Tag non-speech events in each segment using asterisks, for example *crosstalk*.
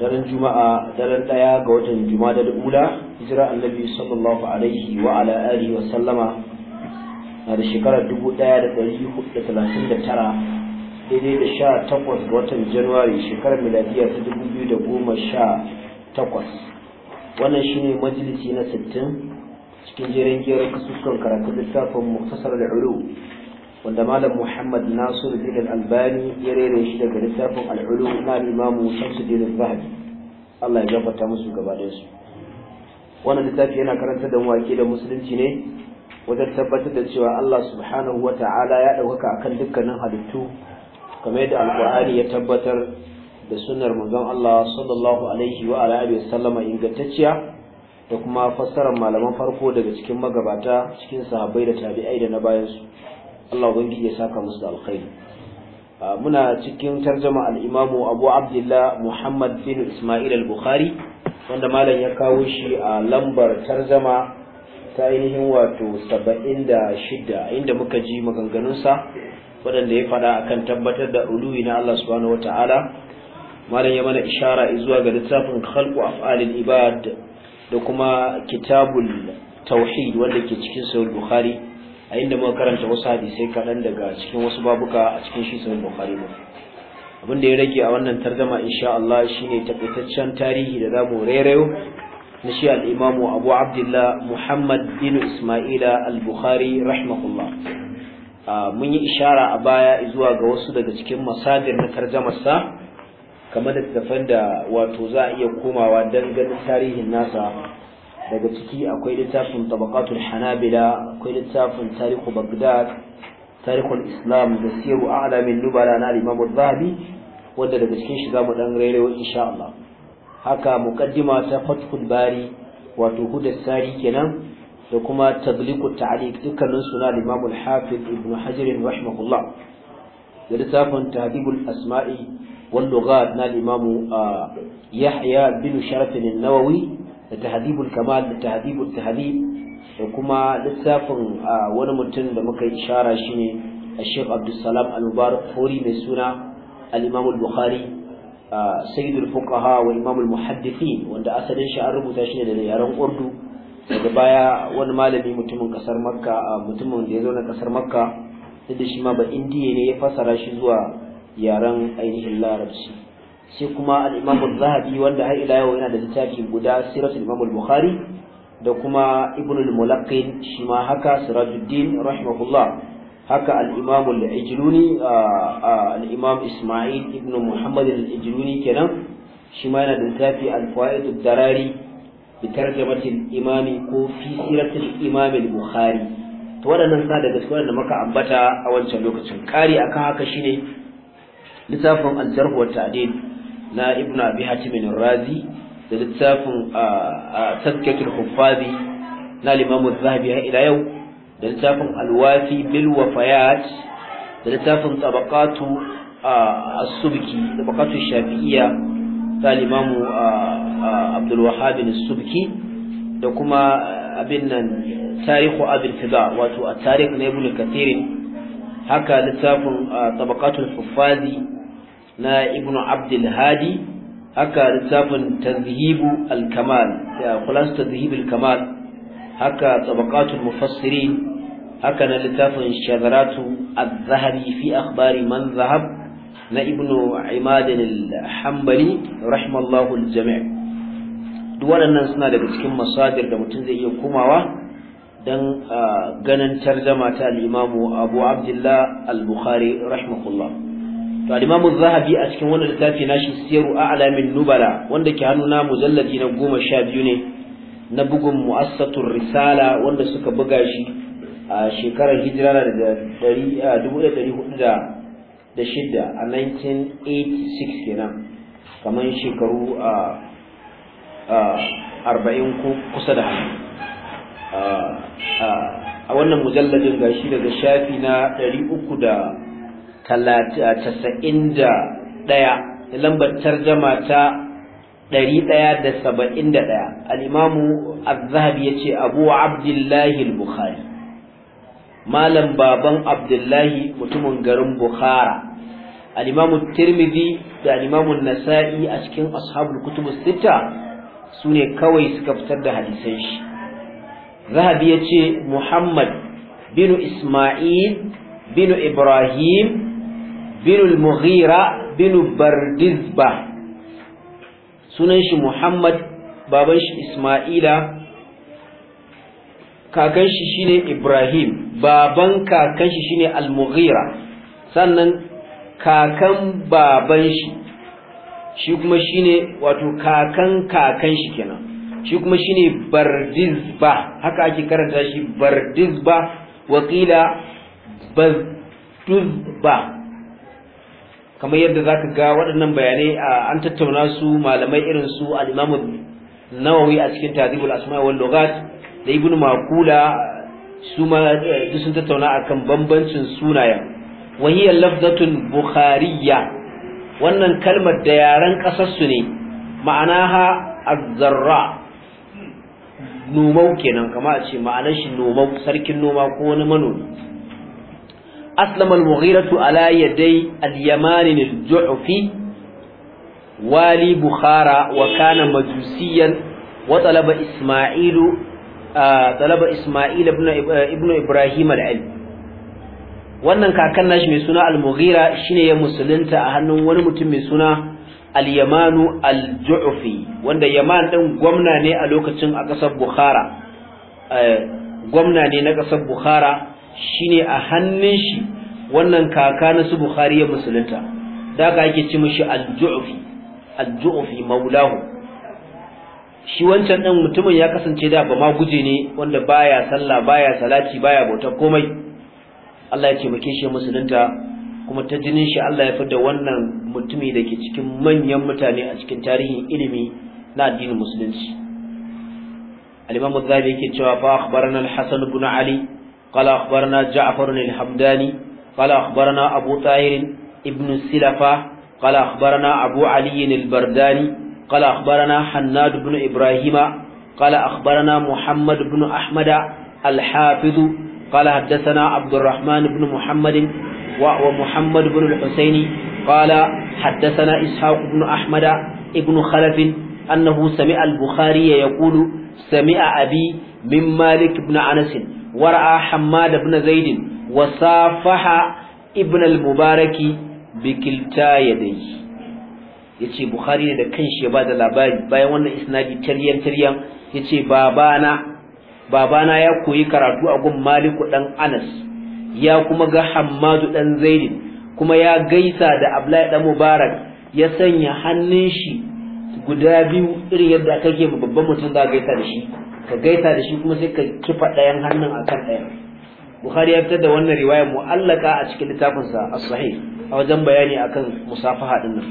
daren juma'a daren daya ga watan juma'a da ula hijira annabi sallallahu alaihi wa ala alihi wa sallama na da shekarar dubu da da da talatin tara, daidai da sha takwas ga watan Januari, shekarar miladiya ta dubu biyu da goma sha takwas, wannan shine majalisi na sittin, cikin jerin jerin kasusuwan karatun littafin muktasar da ulu wanda malam muhammad nasiru din albani ya rere shi daga littafin al'ulu na imamu shamsuddin zahabi Allah ya gafarta musu gaba da su wannan littafi yana karanta da wake da musulunci ne wajen tabbatar da cewa Allah subhanahu wa ta'ala ya ɗaukaka akan dukkanin halittu kamar yadda alƙur'ani ya tabbatar da sunnar manzon Allah sallallahu alaihi wa alihi wasallama ingantacciya da kuma fassarar malaman farko daga cikin magabata cikin sahabbai da tabi'ai da na bayansu Allah ubangi ya saka musu da alkhairi muna cikin tarjama al-Imamu Abu Abdullah Muhammad bin Ismail al-Bukhari wanda malam ya kawo shi a lambar tarjama ta ainihin wato shida inda muka ji maganganunsa waɗanda ya faɗa akan tabbatar da uluwi na Allah subhanahu ta'ala malam ya mana ishara zuwa ga littafin khalqu af'alil ibad da kuma kitabul tauhid wanda ke cikin sahih bukhari a inda muka karanta wasu hadisai kaɗan daga cikin wasu babuka a cikin shi sunan bukhari ba abin da ya rage a wannan tarjama insha Allah shine takaitaccen tarihi da zamu rairayo na shi al-Imam Abu Abdullah Muhammad bin Isma'ila al-Bukhari rahimahullah mun yi ishara a baya zuwa ga wasu daga cikin masadir na tarjamarsa kamar da tafan wato za a iya komawa don ganin tarihin nasa daga ciki akwai littafin tabaqatul hanabila akwai littafin tarihu bagdad tarihul islam da siru a'lamin nubala na limamu zahabi wanda daga cikin shi mu dan rairayo insha Allah haka muqaddima ta fathul bari wato hudar sari kenan da kuma tabliku ta'liq dukkanin suna Imam hafiz ibnu Hajar rahimahullah da littafin Tahdibul Asma'i wal Lughat na Imam ah, Yahya bin Sharaf an-Nawawi da tahdibul kamal da tahdibul tahdib da kuma littafin wani mutum da muka yi ishara a Sheikh Abdulsalam Al-Mubarak Fori mai suna Al-Imam bukhari Sayyidul Fuqaha wa Imam muhaddithin wanda asalin shi an rubuta shi ne da yaren Urdu daga baya wani malami mutumin kasar Makka mutumin da ya zo na kasar Makka da shi ma ba indiya ne ya fasara shi zuwa yaren ainihin Larabci shi kuma al zahabi wanda har ila yau yana da littafi guda Siratul Imam al-Bukhari da kuma Ibn al-Mulaqqin shi ma haka Sirajuddin rahimahullah haka al-Imam al-Ijluni al-Imam Isma'il ibn Muhammad al-Ijluni kenan shi ma yana da littafi al-Fawaid ad-Darari bi tarjamatil Imam ko fi Siratul Imam al-Bukhari to waɗannan sa daga cikin da muka ambata a wancan lokacin kari akan haka shine littafin al-Jarh wa Ta'dil na ibna abi hatim razi da littafin tazkiyatul huffazi na limamu zahabi har ila yau da littafin alwafi bil wafayat da littafin tabaqatu as-subki tabaqatu shafi'iyya ta limamu abdul wahhab as da kuma abin nan tarihu abin fida wato a tarihi na ibn kathir haka littafin tabaqatul huffazi na ibn abdul hadi haka littafin tazhibu al-kamal ya khulas tazhib al-kamal haka tabaqatul mufassirin haka na littafin shadaratu az-zahabi fi akhbari man zahab na ibn imad al-hanbali rahimallahu al jami'a duk suna daga cikin masadir da mutum zai iya komawa dan ah, ganin tarjama ta al-imamu abu abdullah al-bukhari rahimahullah to al-Imam zahabi a cikin wannan littafi nashi Siyaru A'lamin Nubala wanda ke hannu na mujalladi na 12 ne na bugun Mu'assatur Risala wanda suka buga shi a shekarar hijira da 1406 a 1986 kenan kamar shekaru a 40 ko kusa da hannu, a wannan mujalladin gashi daga shafi na 300 casa'in da ɗaya lambar tarjama ta ɗari ɗaya da saba'in da ɗaya al'imamu azhabi ya ce abu abdullahi bukhari malam baban abdullahi mutumin garin bukhara al'imamu tirmidhi da al'imamu nasa'i a cikin ashabul kutubu sita su ne kawai suka fitar da hadisan shi zahabi ya ce muhammad bin isma'il binu ibrahim bin mughira bin bardizba sunan shi muhammad baban shi isma'ila kakan shi shine Ibrahim baban kakan shi shine Al-Mughira sannan kakan baban shi shi kuma shine wato kakan kakan shi kenan shi kuma shine Bardizba haka ake karanta shi Bardizba wakila bardizba. kamar yadda zaka ga waɗannan bayanai a an tattauna su malamai irin su al-Imam Nawawi a cikin Tadhibul Asma wal Lughat da Ibn Maqula su ma eh, sun tattauna akan bambancin sunayen wa hiya lafzatun bukhariyya wannan kalmar da yaran kasar su ne ma'anaha az-zarra nomau kenan kamar a ce ma'anar shi nomau sarkin noma ko wani manomi أسلم المغيرة على يدي اليمان الجعفي والي بخارى وكان مجوسيا وطلب إسماعيل آه طلب إسماعيل ابن, ابن إبراهيم العلم wannan kakan nashi mai suna al-mughira shine ya musulunta a hannun wani mutum mai suna al-yamanu al-ju'fi wanda yaman din gwamna ne a lokacin a kasar bukhara eh, gwamna ne na kasar bukhara shine a hannun shi wannan kaka na su bukhari ya musulunta da ka ake ci mishi al-ju'fi al maulahu shi wancan ɗan mutumin ya kasance da ba ma guje ne wanda baya sallah baya salati baya bauta komai Allah ya ce muke shi musulunta kuma ta jinin shi Allah ya fada wannan mutumi da ke cikin manyan mutane a cikin tarihin ilimi na addinin musulunci al-Imam Zabi yake cewa fa akhbarana al-Hasan ibn Ali قال أخبرنا جعفر الحمداني قال أخبرنا أبو طاهر ابن السلفة قال أخبرنا أبو علي البرداني قال أخبرنا حناد بن إبراهيم قال أخبرنا محمد بن أحمد الحافظ قال حدثنا عبد الرحمن بن محمد ومحمد بن الحسين قال حدثنا إسحاق بن أحمد ابن خلف أنه سمع البخاري يقول سمع أبي من مالك بن أنس ورأى حماد بن زيد وصافح ابن المبارك بكلتا يديه yace bukhari ne da kanshi ya bada labari bayan wannan isnadi tariyan tariyan yace babana babana ya koyi karatu a gun maliku dan anas ya kuma ga hammadu dan zaid kuma ya gaisa da abdullahi dan mubarak ya sanya hannun shi guda biyu irin yadda kake babban mutum za gaisa da shi ka gaita da shi kuma sai ka kifa ɗayan hannun akan ɗayan bukhari ya fitar da wannan riwaya mu'allaka a cikin littafinsa as-sahih a wajen bayani akan musafaha din nan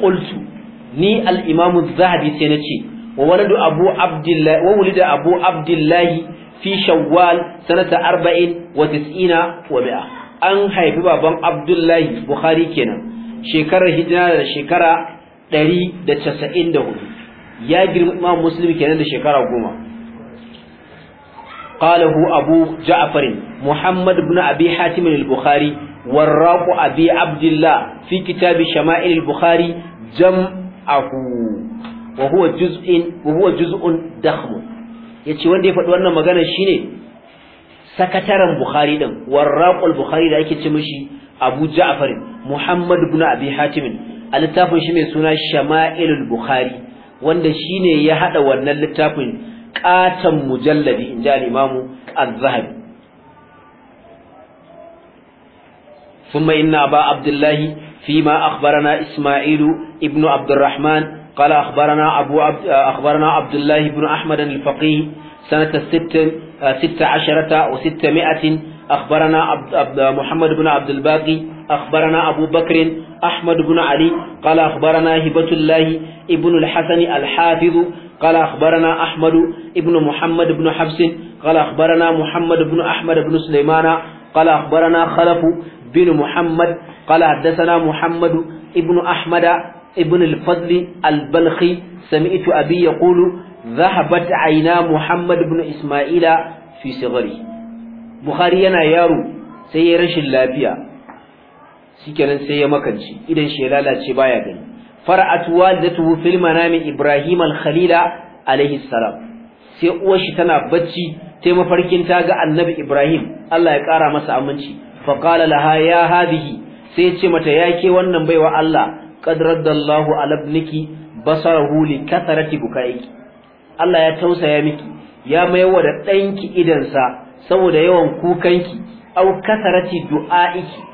ƙultu ni al zahabi sai na ce, wa da abu abdullahi wa da abu Abdullahi fi shawwal sanata arba'in wa tis'ina wa 100 an haifi baban abdullahi bukhari kenan shekarar hijira da shekara hudu. ya girma musulmi kenan da shekara goma قاله أبو جعفر محمد بن أبي حاتم البخاري والراق أبي عبد الله في كتاب شمائل البخاري جمعه وهو جزء وهو جزء ضخم yace wanda ya faɗi wannan magana shine sakataren Bukhari din warraqul Bukhari da ake ce mishi Abu Ja'far Muhammad ibn Abi Hatim a littafin shi mai suna Shama'ilul Bukhari wanda shi ne ya hada wannan littafin katon mujalladi in ji al-imamu al-zahabi thumma inna aba abdullahi fima akhbarana isma'ilu ibnu abdurrahman qala akhbarana abu abdullahi ibnu ahmad al-faqih sanata 16 wa 600 اخبرنا محمد بن عبد الباقي أخبرنا أبو بكر أحمد بن علي قال أخبرنا هبة الله ابن الحسن الحافظ قال أخبرنا أحمد ابن محمد بن حبس قال أخبرنا محمد بن أحمد بن سليمان قال أخبرنا خلف بن محمد قال حدثنا محمد ابن أحمد ابن الفضل البلخي سمعت أبي يقول ذهبت عينا محمد بن إسماعيل في صغري بخاري أنا يارو sai ya rashin lafiya shikenan sai ya makanci idan shi ya lalace baya gani far'at walidatu fil manami ibrahim al khalila alayhi salam sai uwar shi tana bacci tai mafarkin ta ga annabi ibrahim Allah ya kara masa aminci fa qala laha ya hadihi sai ya ce mata ya ke wannan baiwa Allah qad ala ibniki basarahu li katharati bukaiki Allah ya tausaya miki ya maiwa da danki idansa saboda yawan kukanki au kasarati du'aiki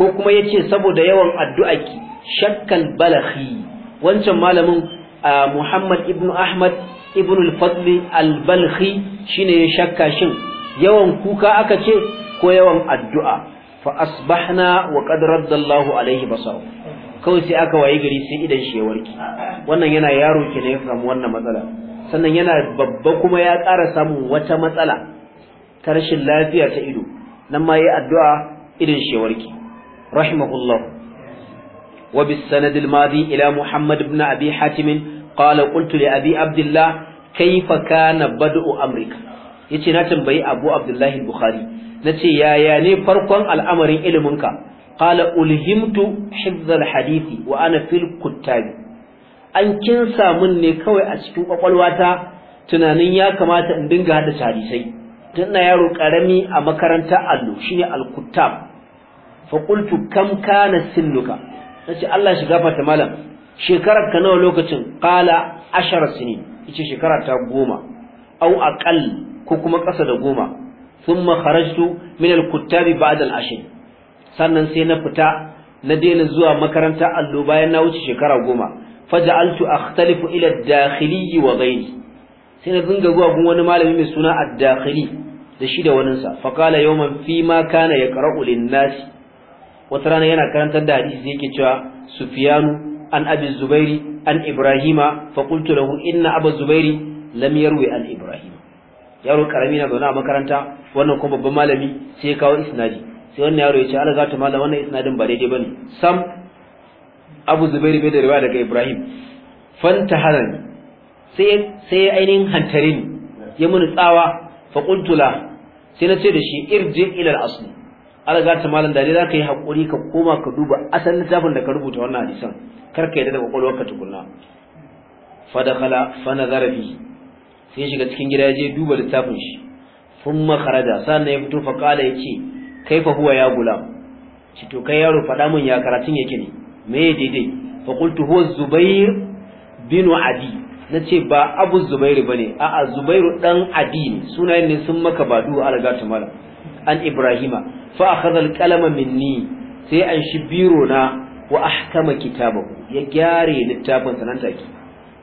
ko kuma ya ce saboda yawan addu'aki shakkal balaghi wancan malamin Muhammad ibn Ahmad ibn al al-Balghi shine ya shakka shin yawan kuka aka ce ko yawan addu'a fa asbahna wa qad raddallahu alaihi basar kawai sai aka waye gari sai idan shi ya wannan yana yaro ke ne ya samu wannan matsala sannan yana babba kuma ya ƙara samun wata matsala ta rashin lafiya ta ido nan ma yi addu'a idan shi ya رحمه الله وبالسند الماضي إلى محمد بن أبي حاتم قال قلت لأبي عبد الله كيف كان بدء أمرك yace na tambayi Abu Abdullah al-Bukhari nace yaya ne farkon al'amarin iliminka qala ulhimtu hifz al-hadisi wa ana fil kuttab an kin samun ne kawai a cikin ƙwaƙwalwata, tunanin ya kamata in dinga hada hadisai tun yaro karami a makaranta allo shine al-kuttab Faƙultu qultu kam kana sinnuka ce Allah shi gafarta malam shekarar ka nawa lokacin ƙala ashara sinin ice shekara ta goma au aƙal ko kuma ƙasa da goma Sun kharajtu min kuttabi ba'da al sannan sai na fita na daina zuwa makaranta allo bayan na wuce shekara goma Faja a akhtalifu ila ad-dakhili wa ghayri sai na dinga zuwa gun wani malami mai suna a dakhili da shi da waninsa yau yawman fi ma kana yaqra'u lin nasi. wata rana yana karantar da hadisi yake cewa Sufiyanu an abi zubairi an ibrahima fa qultu lahu inna abu zubairi lam yarwi an ibrahima yaro karami na zauna a makaranta wannan kuma babban malami sai ya kawo isnadi sai wannan yaro ya ce ala zata mala wannan isnadin ba daidai bane sam abu zubairi bai da riwaya daga ibrahim Fanta fantaharani sai sai ainihin hantare ya muni tsawa fa qultu la sai na ce da shi irji ila al-asli an ga ta malam da zaka yi hakuri ka koma ka duba asalin littafin da ka rubuta wannan hadisan kar ka yadda da kokolwar ka tukunna fa dakhala fa nazara fi sai shiga cikin gida ya je duba littafin shi thumma kharaja sannan ya fito fa kala yace kaifa huwa ya gulam shi to kai yaro faɗa min ya karatun yake ne me daidai fa qultu huwa zubair bin adi nace ba abu zubairu ba ne a'a zubairu dan adi ne sunayen ne sun maka badu a riga malam an ibrahima fa akhadha al-qalama minni sai an shi biro na wa ahkama kitabahu ya gyare littafin sanan take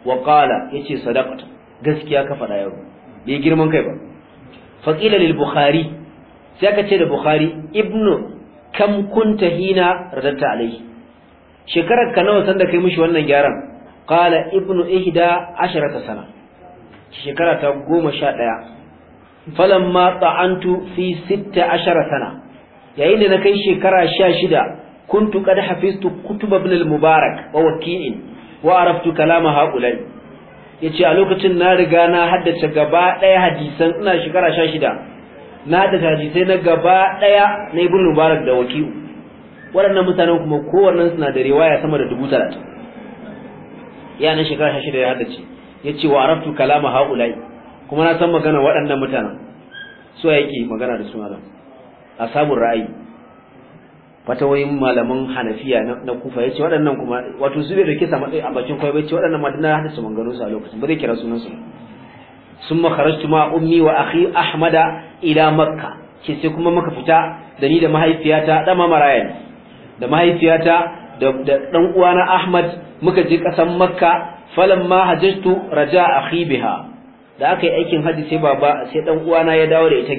wa qala yace sadaqata gaskiya ka faɗa yau bai girman kai ba fa qila lil bukhari sai aka ce da bukhari ibnu kam kunta hina radatta alai shekarar ka nawa sanda kai mishi wannan gyaran qala ibnu ihda asharata sana shekara ta goma sha ɗaya falamma ta'antu fi sitta ashara sana yayin da na kai shekara sha shida kuntu qad hafiztu kutub ibn al-mubarak wa waki'in wa araftu kalam haula'i yace a lokacin na riga na haddace gaba daya hadisan ina shekara sha shida na haddace hadisai na gaba daya na ibn mubarak da waki'u waɗannan mutanen kuma kowannen suna da riwaya sama da dubu talatin na shekara sha shida ya haddace yace wa araftu kalama haula'i kuma na san magana waɗannan mutanen so yake magana da su Allah a samun ra'ayi fatawoyin malaman hanafiya na kufa ya ce waɗannan kuma wato su bai da kisa matsayi a bakin kwai ce waɗannan ma na hada su mangano su a lokacin ba zai kira sunan su sun makararci ma ummi wa akhi ahmada ila makka ce sai kuma muka fita da ni da mahaifiyata ɗama maraya da mahaifiyata da ɗan uwana ahmad muka je ƙasan makka ma hajjatu raja akhi biha da aka yi aikin hajji sai baba sai ɗan uwana ya dawo da ita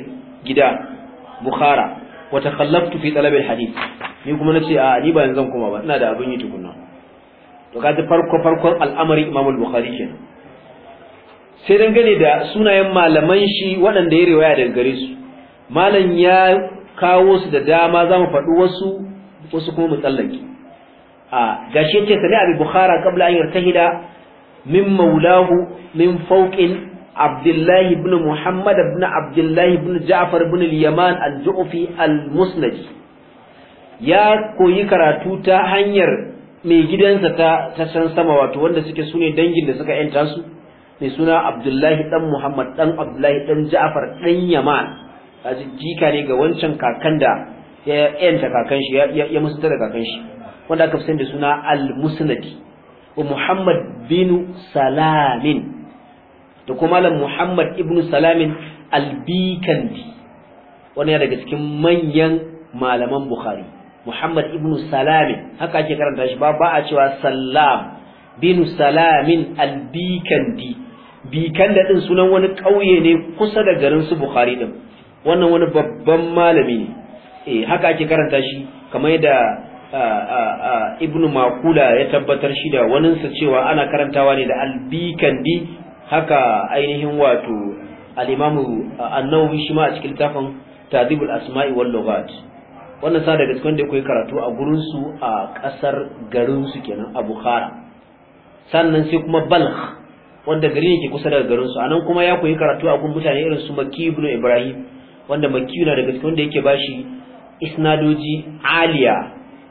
gida bukhara wa takhallaftu fi talab alhadith ni kuma nace a ni ba yanzu kuma ba ina da abin yi tukunna to kaji farko farkon al'amari Imam al-Bukhari kenan sai dangane da sunayen malaman shi waɗanda ya riwaya daga gare su malam ya kawo su da dama zamu faɗi wasu wasu kuma mu tsallake a gashi yace sani abi bukhara qabla an yartahida min maulahu min fawqin abdullahi ibn muhammad ibn abdullahi ibn ja'far ibn yaman al-ju'fi al-musnadi ya koyi karatu ta hanyar mai gidansa ta ta sama wato wanda suke sune dangin da suka yanta su mai suna abdullahi dan muhammad dan abdullahi dan ja'far dan yaman kaji jika ne ga wancan kakan da ya yanta kakan shi ya musu da kakan shi wanda aka fi sani da suna al-musnadi wa muhammad bin salamin da kuma malam Muhammad ibn Salamin Albikandi wani daga cikin manyan malaman Bukhari Muhammad ibn Salamin haka ake karanta shi ba ba a cewa Salam bin Salamin Albikandi Bikanda din sunan wani ƙauye ne kusa da garin su Bukhari din wannan wani babban malami ne eh haka ake karanta shi kamar yadda ibn makula ya tabbatar shi da waninsa cewa ana karantawa ne da albikandi haka ainihin wato al-imamu an shi ma a cikin tafin tadibul asma'i wal lughat wannan sa daga cikin da koyi karatu a gurin su a kasar garin su kenan a bukhara sannan sai kuma balkh wanda gari yake kusa daga garin su anan kuma ya koyi karatu a gurin mutane irin su makki ibn ibrahim wanda makki na daga cikin da yake bashi isnadoji aliya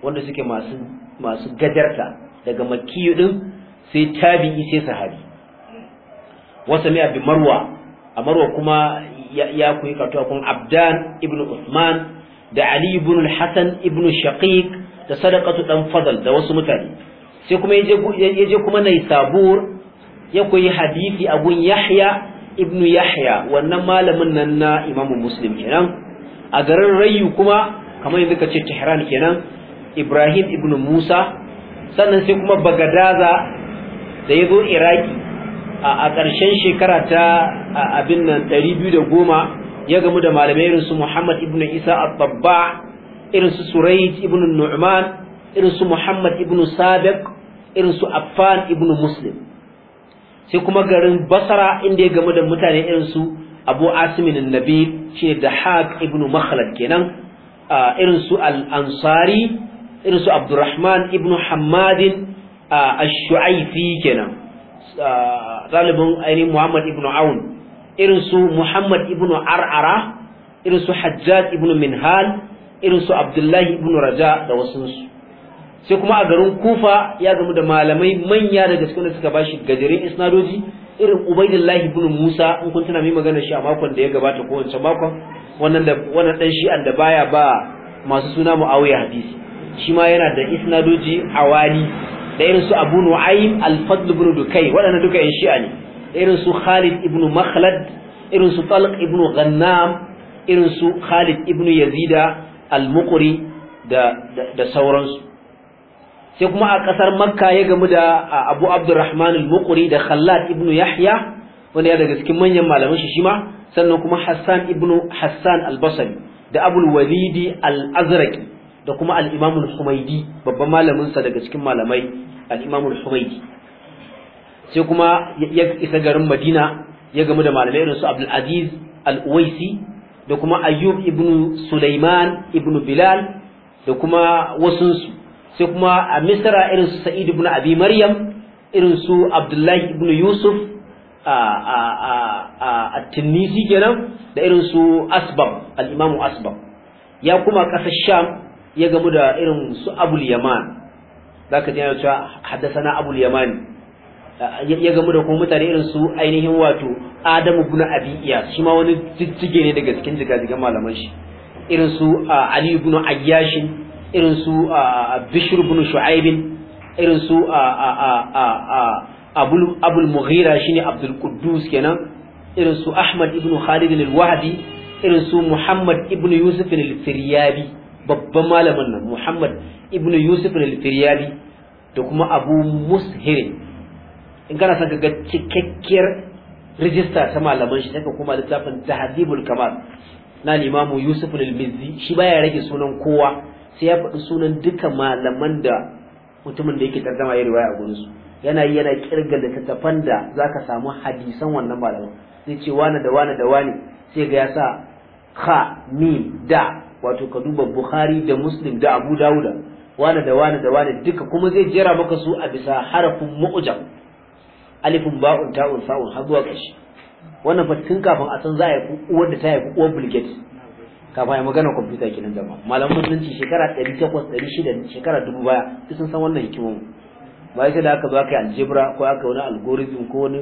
wanda suke masu masu gadarta daga makki din sai tabi'i sai sahabi wasa mai bi marwa a marwa kuma ya koyi karatu kun abdan ibn usman da ali ibn al-hasan ibn shaqiq da sadaqatu dan fadal da wasu mutane sai kuma ya je kuma naisabur ya koyi hadisi a gun yahya ibn yahya wannan malamin nan na imamu muslim kenan a garin rayu kuma kamar yanzu ka ce tehran kenan ibrahim ibn musa sannan sai kuma bagadaza da ya zo iraki a ƙarshen shekara ta abin nan goma ya gamu da malamai irin su Muhammad ibn Isa al-Babba irin su Surayd ibn Nu'man irin su Muhammad ibn Sabiq irin su Affan ibn Muslim sai kuma garin Basra inda ya gamu da mutane irin su Abu Asim nabi shi da Haq ibn Makhlad kenan irin su Al-Ansari irin su Abdurrahman ibn Hammadin ash-Shu'aifi kenan ɗalibin ainihin Muhammad ibn Aun irin su Muhammad ibn Ar'ara irin su Hajjaj ibn Minhal irin su Abdullahi ibn Raja da wasu su sai kuma a garin Kufa ya gamu da malamai manya daga cikin da suka bashi gajerin isnadoji irin Ubaidillah ibn Musa in kun tuna mai magana shi a makon da ya gabata ko wancan makon wannan da wannan dan shi'an da baya ba masu suna Muawiya hadisi shi ma yana da isnadoji awali da irin su Abu Nu'aym Al-Fadl ibn Dukay waɗannan duka yan shi'a ne irin su Khalid ibn Makhlad irin su Talq ibn Ghannam irin su Khalid ibn Yazida Al-Muqri da da sauransu sai kuma a ƙasar Makka ya gamu da Abu Abdurrahman Al-Muqri da Khallad ibn Yahya wanda ya daga cikin manyan malaman shi shima sannan kuma Hassan ibn Hassan Al-Basri da Abul Walidi Al-Azraqi da kuma al-Imam babban malaminsa daga cikin malamai al-Imam sai kuma ya isa garin Madina ya gamu da malamai irin su Abdul Aziz al-Uwaisi da kuma Ayyub ibn Sulaiman ibn Bilal da kuma wasunsu sai kuma a Misra irin su Sa'id ibn Abi Maryam irin su Abdullahi ibn Yusuf a Tunisi kenan da irin su Asbab al ya kuma ƙasar Sham ya gamu da irin su abul yaman za ka jina cewa na abul yaman ya gamu da kuma mutane irin su ainihin wato adamu guna abiyya shi ma wani jijjige ne daga cikin jigajigan malaman shi irin su ali guna ayyashin irin su bishir guna shu'aibin irin su abul mughira ne abdul kudus kenan irin su ahmad ibn khalid al-wahdi irin su muhammad ibn yusuf al-firyabi babban malamin nan Muhammad ibn Yusuf al firyadi da kuma Abu Mushir in kana son ka ga cikakkiyar rijista ta malaman shi take kuma littafin Tahdhibul Kamal na Imam Yusuf al-Mizzi shi baya rage sunan kowa sai ya faɗi sunan duka malaman da mutumin da yake tarjama ya riwaya a gurin su yana yi yana kirga littattafan da zaka samu hadisan wannan malaman zai ce wani da wani da wani sai ga ya sa ha mim da wato ka duba bukhari da muslim da abu dawuda wane da wani da wani duka kuma zai jera maka su a bisa harafin mu'jam alifin ba'un ta'un sa'un har zuwa kashi wannan fa tun kafin a san za a yi uwar da ta yi uwar bilget kafin a yi magana kwamfuta kenan zama malamin musulunci shekara ɗari takwas ɗari shida shekara dubu baya sun san wannan hikimomi ba sai da aka zo aka yi aljebra ko aka wani algorithm ko wani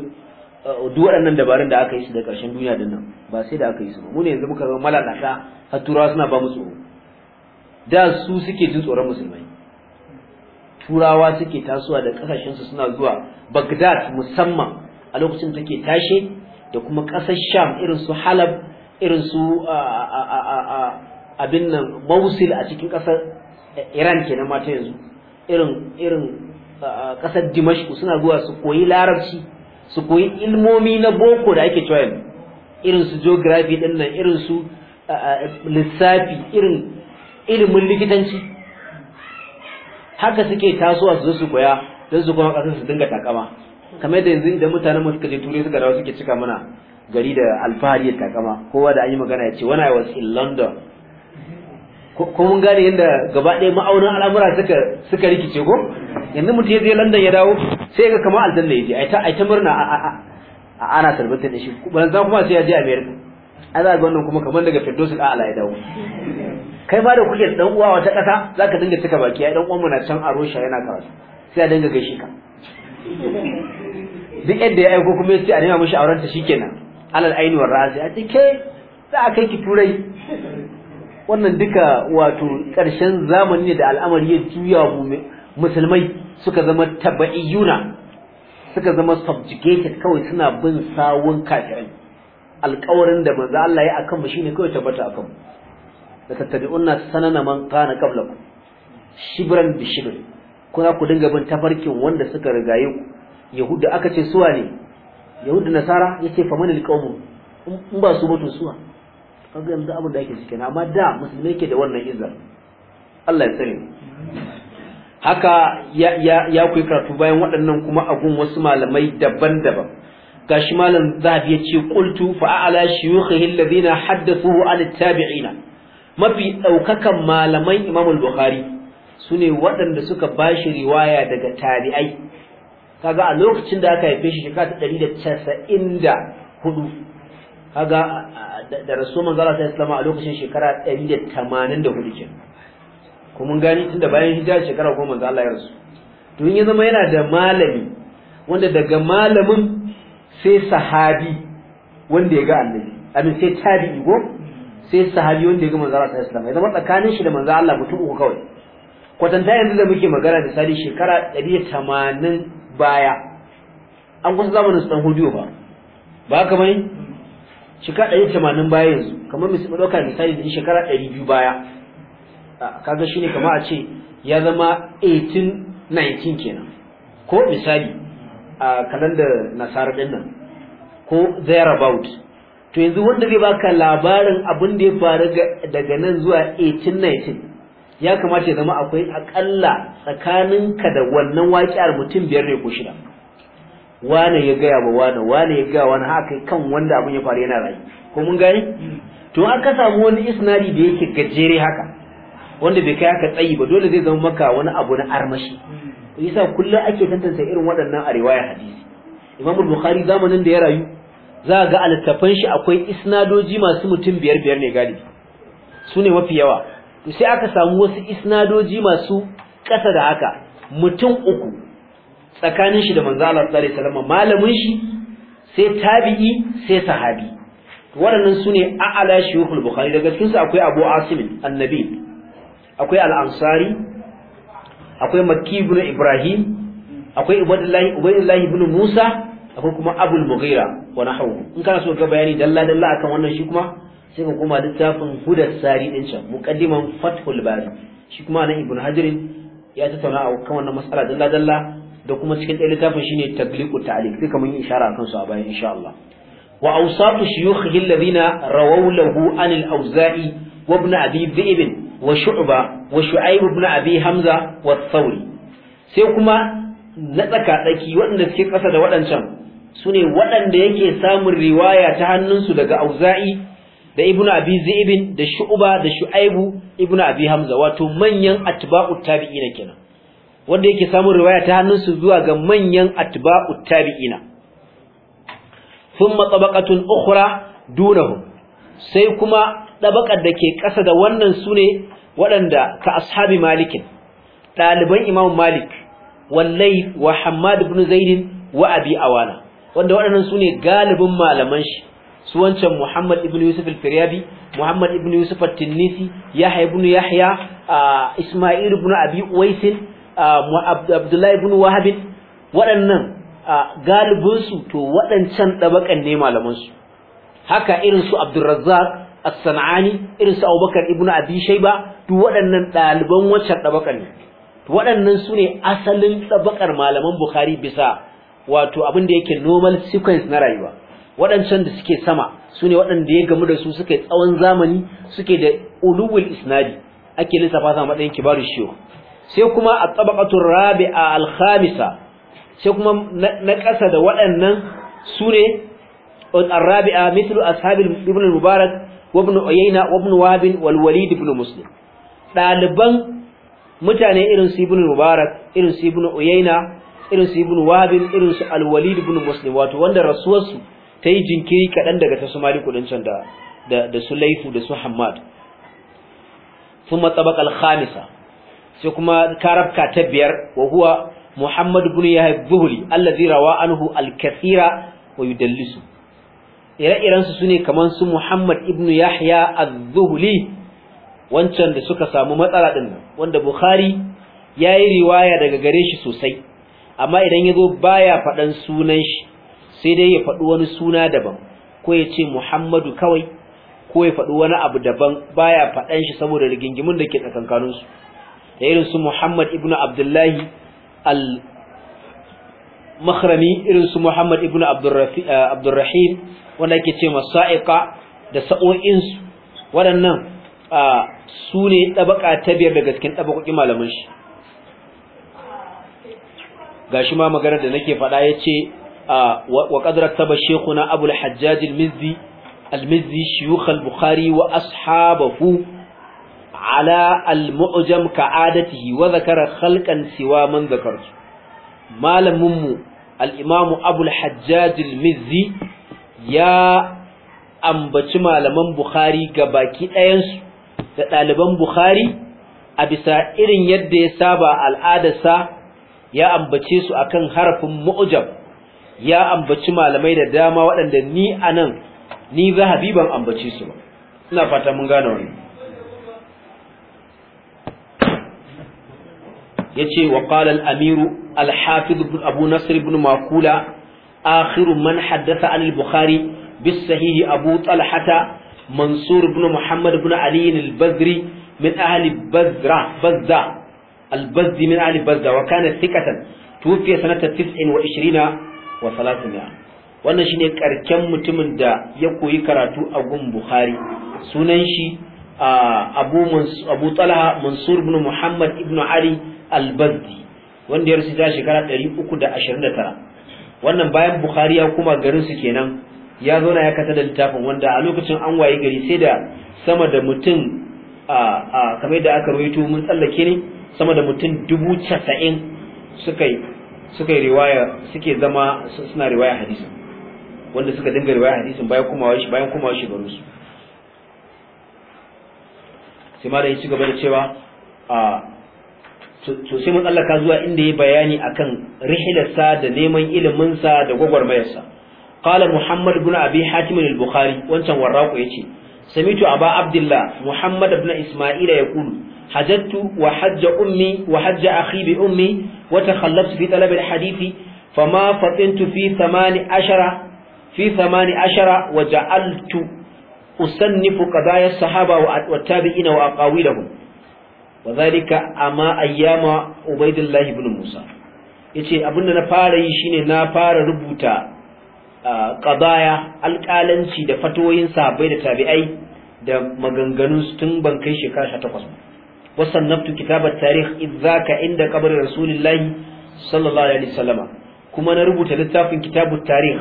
Uh, duk waɗannan dabarun da aka yi su da ƙarshen duniya da nan ba sai da aka yi su ba mu ne yanzu muka zama malalaka har turawa suna ba mu tsoro da su suke jin tsoron musulmai turawa suke tasowa da su suna zuwa bagdad musamman a lokacin da take tashe da kuma ƙasar sham irin su halab irin su uh, uh, abin nan mausil a cikin ƙasar iran kenan mata yanzu irin irin ƙasar dimashku suna zuwa su koyi larabci su koyi ilmomi na boko da ake cewa irin su geography din nan irin su lissafi irin ilimin likitanci haka suke tasowa su zo su koya don su kuma kasar su dinga takama kamar da yanzu idan mutanen mu suka je turai suka dawo suke cika mana gari da alfahari da takama kowa da an yi magana ya ce when I was in London ko mun gane yadda gaba ɗaya ma'aunin al'amura suka suka rikice ko yanzu mutum ya je landan ya dawo sai ga kamar aljanna ya je ai ta ai ta murna ana salbatar da shi ban san kuma sai ya je America a za ga wannan kuma kamar daga Firdausul A'la ya dawo kai ma da kuke dan uwa wata ƙasa zaka dinga cika baki ai dan uwan mu na can a Russia yana karatu sai ya dinga gaishe ka duk yadda ya aiko kuma ya ce a nema mishi auren shikenan alal aini war ra'asi a ce ke za a kai ki turai wannan duka wato ƙarshen zamani ne da al'amari ya juya musulmai suka zama taba'iyuna suka zama subjugated kawai suna bin sawun kafirai alƙawarin da manzo Allah ya akan mu shine kawai tabbata akan mu da tattabi'unna sanana man kana qablakum shibran bi shibr kuna ku dinga bin tafarkin wanda suka rigaye ku yahuda aka ce suwa ne yahuda nasara yace famanil qawmu in ba su mutu suwa kaga yanzu abin da ake ciki amma da musulmi yake da wannan izar Allah ya sani haka ya ya ya kuyi karatu bayan waɗannan kuma agun wasu malamai daban-daban gashi malam zahabi ya ce qultu fa ala shuyukhihi alladhina haddathuhu an tabi'ina mafi daukakan malamai, Imam al-Bukhari sune waɗanda suka bashi riwaya daga tabi'ai kaga a lokacin da aka haife shi shekara ta 194 kaga da rasul manzala ta islama a lokacin shekara 184 kin kuma mun gani tunda bayan hijira shekara kuma manzo Allah ya rasu to in ya zama yana da malami wanda daga malamin sai sahabi wanda ya ga annabi amin sai tabi'i go sai sahabi wanda ya ga manzo Allah ta islama ya zama tsakanin shi da manzo Allah mutum uku kawai kwatanta yanzu da muke magana da sali shekara 180 baya an kusa zamanin su hudu ba ba ka bane shekara ɗari tamanin baya yanzu kamar misali ɗauka misali da shekara ɗari biyu baya kaga shine kamar a ce ya zama 1819 kenan ko misali a kalandar nasara ɗin nan ko thereabout to yanzu wanda zai baka labarin abin da ya faru daga nan zuwa 1819 ya kamata ya zama akwai aƙalla tsakaninka da wannan waƙiyar mutum biyar ne ko shida wane ya gaya wa wane wane ya gaya wani haka kan wanda abin ya faru yana rayu ko mun gani to aka samu wani isnadi da yake gajere haka wanda bai kai haka tsayi ba dole zai zama maka wani abu na armashi yasa kullum ake tantance irin waɗannan a riwaya hadisi Imam Bukhari zamanin da ya rayu za ga alittafan shi akwai isnadoji masu mutum biyar biyar ne galibi su ne mafi yawa sai aka samu wasu isnadoji masu ƙasa da haka mutum uku tsakanin shi da manzo Allah sallallahu alaihi wasallam malamin shi sai tabi'i sai sahabi waɗannan sune a'ala shuyukhul bukhari daga cikin su akwai abu asim annabi akwai al-ansari akwai makki ibn ibrahim akwai ubaydullahi ubaydullahi ibn musa akwai kuma abu mughira wa nahwu in kana so ga bayani dalla dalla akan wannan shi kuma sai ka koma littafin hudar sari din can muqaddiman fathul bari shi kuma nan ibn hajar ya tattauna a kan wannan mas'ala dalla dalla da kuma cikin ɗaya littafin shine tabliqu ta'liq duka mun yi ishara kan su a bayan insha Allah wa awsatu shuyukhihi alladhina rawaw lahu an al-awza'i wa ibn abi dhi'b wa shu'ba wa shu'aib ibn abi hamza wa thawri sai kuma na tsaka tsaki waɗanda suke ƙasa da waɗancan sune waɗanda yake samun riwaya ta hannunsu daga auza'i da ibnu abi zibin da shu'ba da shu'aibu ibnu abi hamza wato manyan atba'u tabi'ina kenan wanda yake samun riwaya ta hannunsu zuwa ga manyan atba'u tabi'ina thumma tabaqatun ukhra dunahum sai kuma tabaqar da ke kasa da wannan sune waɗanda ka ashabi malikin ɗaliban imam malik wallahi wa hammad ibn zaid wa abi awana wanda waɗannan sune galibin malaman shi su wancan muhammad ibn yusuf al-firyabi muhammad ibn yusuf at-tinnisi yahya ibn yahya isma'il ibn abi uwaisin abdullahi ibn wahabin waɗannan galibinsu to waɗancan dabakan ne malamansu haka irin su abdulrazzaq as-sanani irin su abubakar ibn abi shayba to waɗannan ɗaliban waccan dabakan ne waɗannan su asalin ɗabaƙar malaman bukhari bisa wato abin da yake normal sequence na rayuwa waɗancan da suke sama su ne waɗanda ya gamu da su suke tsawon zamani suke da ulul isnadi ake lissafa sa matsayin kibaru shiyo sai kuma at-tabaqatu rabi'a al-khamisa sai kuma na ƙasa da waɗannan sune ar-rabi'a mithlu ashab ibn al-mubarak wa ibn uyayna Wabin ibn wahb wal walid ibn muslim daliban mutane irin su ibn mubarak irin su ibn uyayna irin su ibn wahb irin su al-walid ibn muslim wato wanda rasuwarsu ta yi jinkiri kaɗan daga ta su maliku can da da su laifu da su hammad ثم طبق الخامسه sai kuma karabka ta biyar wa huwa muhammad ibn yahya zuhri allazi rawa anhu al-kathira wa yudallisu ire-iren su sune kaman su muhammad ibn yahya az-zuhli wancan da suka samu matsala din wanda bukhari yayi riwaya daga gare shi sosai amma idan yazo baya fadan sunan shi sai dai ya faɗi wani suna daban ko ya ce muhammadu kawai ko ya faɗi wani abu daban baya faɗan shi saboda rigingimun da ke tsakankaninsu da irin su Muhammad ibn Abdullahi al Makhrami irin su Muhammad ibn eh, Abdurrahim wanda yake ce Sa'iqa da sa'o'in su waɗannan ah, su ne tabaka ta biyar daga cikin tabakokin malaman shi gashi ma maganar da nake faɗa yace ah, wa qadra taba shaykhuna Abu al-Hajjaj al-Mizzi al-Mizzi shuyukh bukhari wa ashabahu ala al-mu'jam ka'adatihi wa zakara khalqan siwa man zakartu malamin mu al-imam Abu al-Hajjaj al-Mizzi ya ambaci malaman Bukhari baki ɗayan su da ɗaliban Bukhari a bisa irin yadda ya saba al'adarsa ya ambace su akan harafin mu'jam ya ambaci malamai da dama waɗanda ni anan ni zahabi ban ambace su ba ina fata mun gane wannan yace wa qala al-amiru al-hafiz ibn abu nasr ibn maqula akhiru man haddatha an al-bukhari bis sahih abu talhata mansur ibn muhammad ibn ali al-bazri min ahli bazra bazza al-bazri min ahli bazza wa kana thiqatan tufiya wannan shine karken mutumin da ya koyi karatu a gun Bukhari sunan shi ah, Abu Abu Talha Mansur ibn Muhammad ibn Ali al wanda ya rusita shekara 329 wannan bayan Bukhari ya kuma garin su kenan ya zo na ya kata da littafin wanda a lokacin an waye gari sai da sama da mutum a kamar da aka rawaito mun tsallake ne sama da mutum dubu casa'in suka yi riwaya suke zama suna riwaya hadisin wanda suka dinga riwaya hadisin bayan kumawa shi bayan komawa shi garin su sai ma da ya ci gaba da cewa a to sai mun tsallaka zuwa inda ya bayani akan rihilarsa da neman iliminsa da gwagwarmayarsa qala muhammad ibn abi hatim al-bukhari wancan warraqo yace samitu aba abdullah muhammad ibn isma'ila yaqulu hajjatu wa hajja ummi wa hajja akhi bi ummi wa takhallaftu fi talab al-hadith fama fatintu fi 18 fi 18 wa ja'altu usannifu qadaya as-sahaba wa at-tabi'ina wa aqawilahum wa zalika amma ayyama ubaidullahi ibn musa yace abinda na fara yi shine na fara rubuta qadaya alƙalanci da fatoyin sahabbai da tabi'ai da maganganun tun ban kai shekara 18 wasan naftu kitabat tarikh idzaka inda qabri rasulillahi sallallahu alaihi wasallama kuma na rubuta littafin kitabut tarikh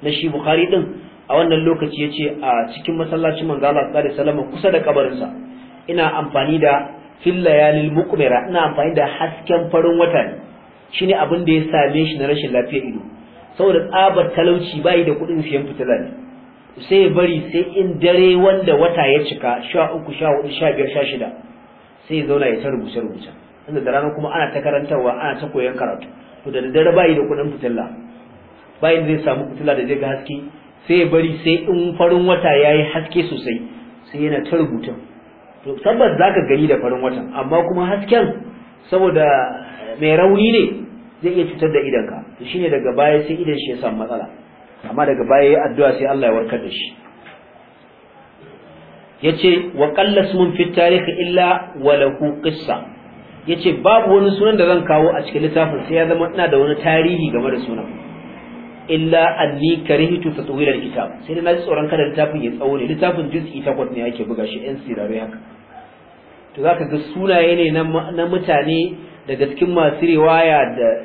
na shi bukhari din a wannan lokaci yace a cikin masallacin manzo Allah sallallahu alaihi wasallama kusa da kabarinsa ina amfani da fil layalil muqmira ina amfani da hasken farin wata ne shine abin da ya same shi na rashin lafiya ido saboda tsabar talauci bai da kuɗin siyan fitila ne sai ya bari sai in dare wanda wata ya cika sha uku sha hudu sha biyar sha shida sai ya zauna ya ta rubuce rubuce inda da rana kuma ana ta karantarwa ana ta koyon karatu to da dare bai da kuɗin fitila bayan zai samu fitila da zai ga haske sai ya bari sai in farin wata ya yi haske sosai sai yana ta rubutun to tabbas zaka gani da farin watan amma kuma hasken saboda mai rauni ne zai iya cutar da ka to shine daga baya sai idan shi ya samu matsala amma daga baya yayi addu'a sai Allah ya warkar da shi yace wa qallas mun fi tarikh illa wa lahu qissa yace babu wani sunan da zan kawo a cikin littafin sai ya zama ina da wani tarihi game da sunan illa anni karihtu tatwil alkitab sai na tsoron kada littafin ya tsawo ne littafin juz'i takwas ne ake buga shi yan sirare haka to zaka ga sunaye ne na mutane daga cikin masu riwaya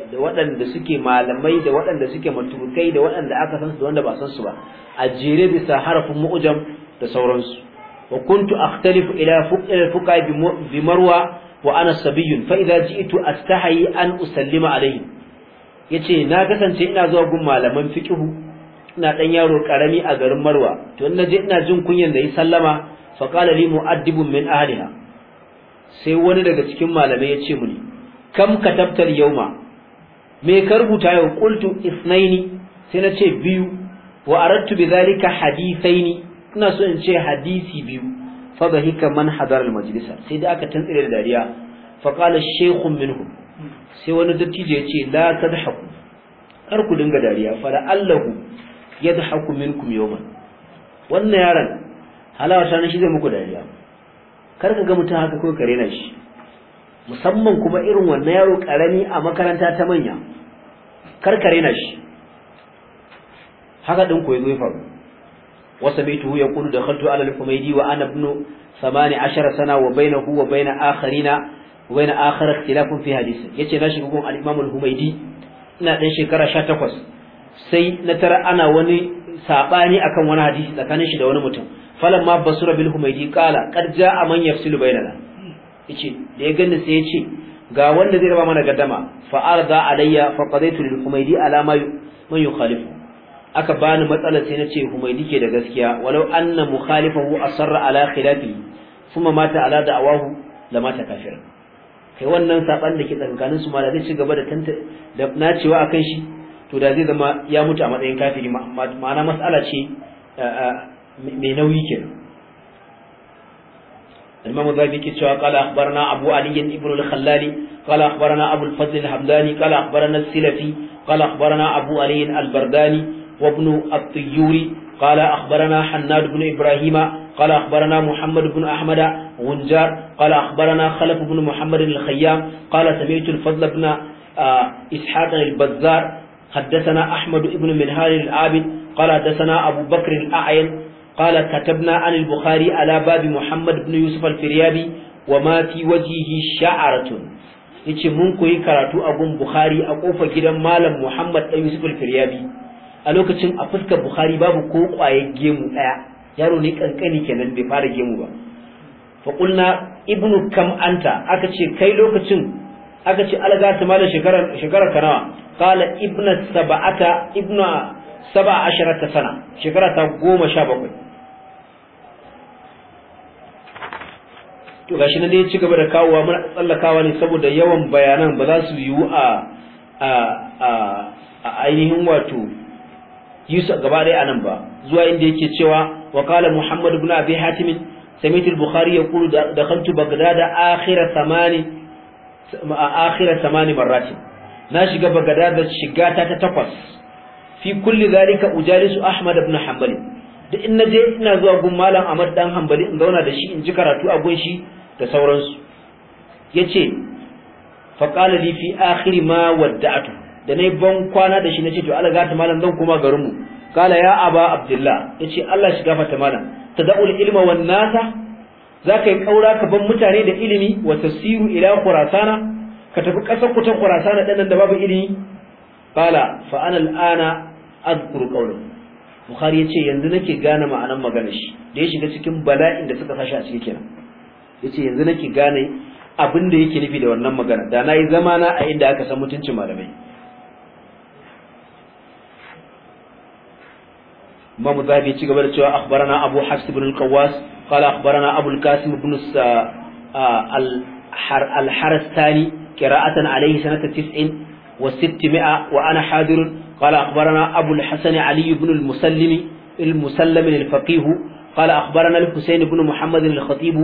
da waɗanda suke malamai da waɗanda suke matukai da waɗanda aka san su da wanda ba san su ba a jere bisa harafin mu'jam da sauransu wa kuntu akhtalifu ila fuqa bi marwa wa ana sabiyyun fa idza ji'tu astahi an usallima alayhi yace na kasance ina zuwa gun malaman fiqh ina dan yaro karami a garin Marwa to in naje ina jin kunyan da yi sallama fa qala li mu'addibun min ahliha sai wani daga cikin malamai yace muni kam katabta yauma me ka rubuta yau qultu isnaini sai na ce biyu wa aradtu bidhalika hadithaini ina so in ce hadisi biyu fa bahika man hadara al majlisa sai da aka tantsire da dariya fa qala shaykhun minhum sai wani dattijo ya ce la tadhaku kar ku dinga dariya fa allahu yadhaku minkum yawman wannan yaron halawa ta shi zai muku dariya kar ka ga mutum haka ko kare na shi musamman kuma irin wannan yaro karami a makaranta ta manya kar kare na shi haka din ko yazo ya faru ala al-humaydi wa ana ibnu 18 sana wa bainahu wa وبين akharina wa yana akhar ikhtilafun fi hadisi yace na shiga gun al-Imam al-Humaydi ina dan shekara 18 sai na tara ana wani sabani akan wani hadisi tsakanin shi da wani mutum ma basura bil humaidi qala qad jaa man yafsilu bainana yace da ya gani sai yace ga wanda zai raba mana gaddama fa arda alayya fa qadaytu lil humaydi ala ma man aka bani matsala sai nace humaidi ke da gaskiya walau anna mukhalifahu asarra ala khilafi thumma mata ala da'wahu lamata kafira. kai wannan saban da ke tsakanin su ma da zai ci gaba da tanta da nacewa akan shi to da zai zama ya mutu a matsayin kafiri ma'ana mas'ala ce mai nauyi ke Imam Zabi ke cewa kala akhbarna Abu Ali ibn al-Khallal qala akhbarna Abu al-Fadl al-Hamdani kala akhbarna al-Silafi kala akhbarna Abu Ali al-Bardani wa at-Tayyuri قال أخبرنا حناد بن إبراهيم قال أخبرنا محمد بن أحمد ونجار قال أخبرنا خلف بن محمد الخيام قال سمعت الفضل بن إسحاق البزار حدثنا أحمد بن منهار العابد قال حدثنا أبو بكر الأعين قال كتبنا عن البخاري على باب محمد بن يوسف الفريابي وما في وجهه شعرة yace mun koyi karatu a gun Bukhari a kofar gidan Malam Muhammad ɗan Yusuf Al-Firyabi a lokacin a fuskar bukhari babu ko kwaye gemu daya yaro ne kankani kenan bai fara gemu ba fa qulna ibnu kam anta aka ce kai lokacin aka ce alga ta malam shekara shekara kana qala ibnu sab'ata ibnu sab'a asharata sana shekara ta goma sha bakwai to gashi na dai ci gaba da kawowa muna tsallakawa ne saboda yawan bayanan ba za su yiwu a a a ainihin wato yusa gaba da anan ba zuwa inda yake cewa wa qala muhammad ibn abi hatim samiti al ya qulu dakhaltu baghdad akhir samani samani marati na shiga baghdad da shiga ta ta takwas fi kulli zalika ujalisu ahmad ibn hanbali da in je ina zuwa gun malam ahmad dan hanbali in zauna da shi in ji karatu a gun shi da sauransu yace fa qala fi akhir ma wadda'atu da nayi ban kwana da shi nace to Allah gata malam zan kuma garin mu kala ya aba abdullah yace Allah shi gafarta malam tada'ul ilma wan nasa zaka yi kaura ka ban mutane da ilimi wa tasiru ila qurasana ka tafi kasar ku ta khurasana dan nan da babu ilimi kala fa ana al'ana azkuru qawli bukhari yace yanzu nake gane ma'anar maganar shi da ya shiga cikin bala'in da suka sashi a cikin kenan yace yanzu nake gane abin da yake nufi da wannan magana da nayi zama zamana a inda aka san mutuncin malamai Imam Zahabi ci gaba da cewa akhbarana Abu Hafs ibn al-Qawwas qala akhbarana Abu al-Qasim ibn al-Harastani qira'atan alayhi sanata 90 wa 600 wa ana hadir qala akhbarana Abu al-Hasan Ali ibn al-Musallim al akhbarana al-Husayn Muhammad al-Khatib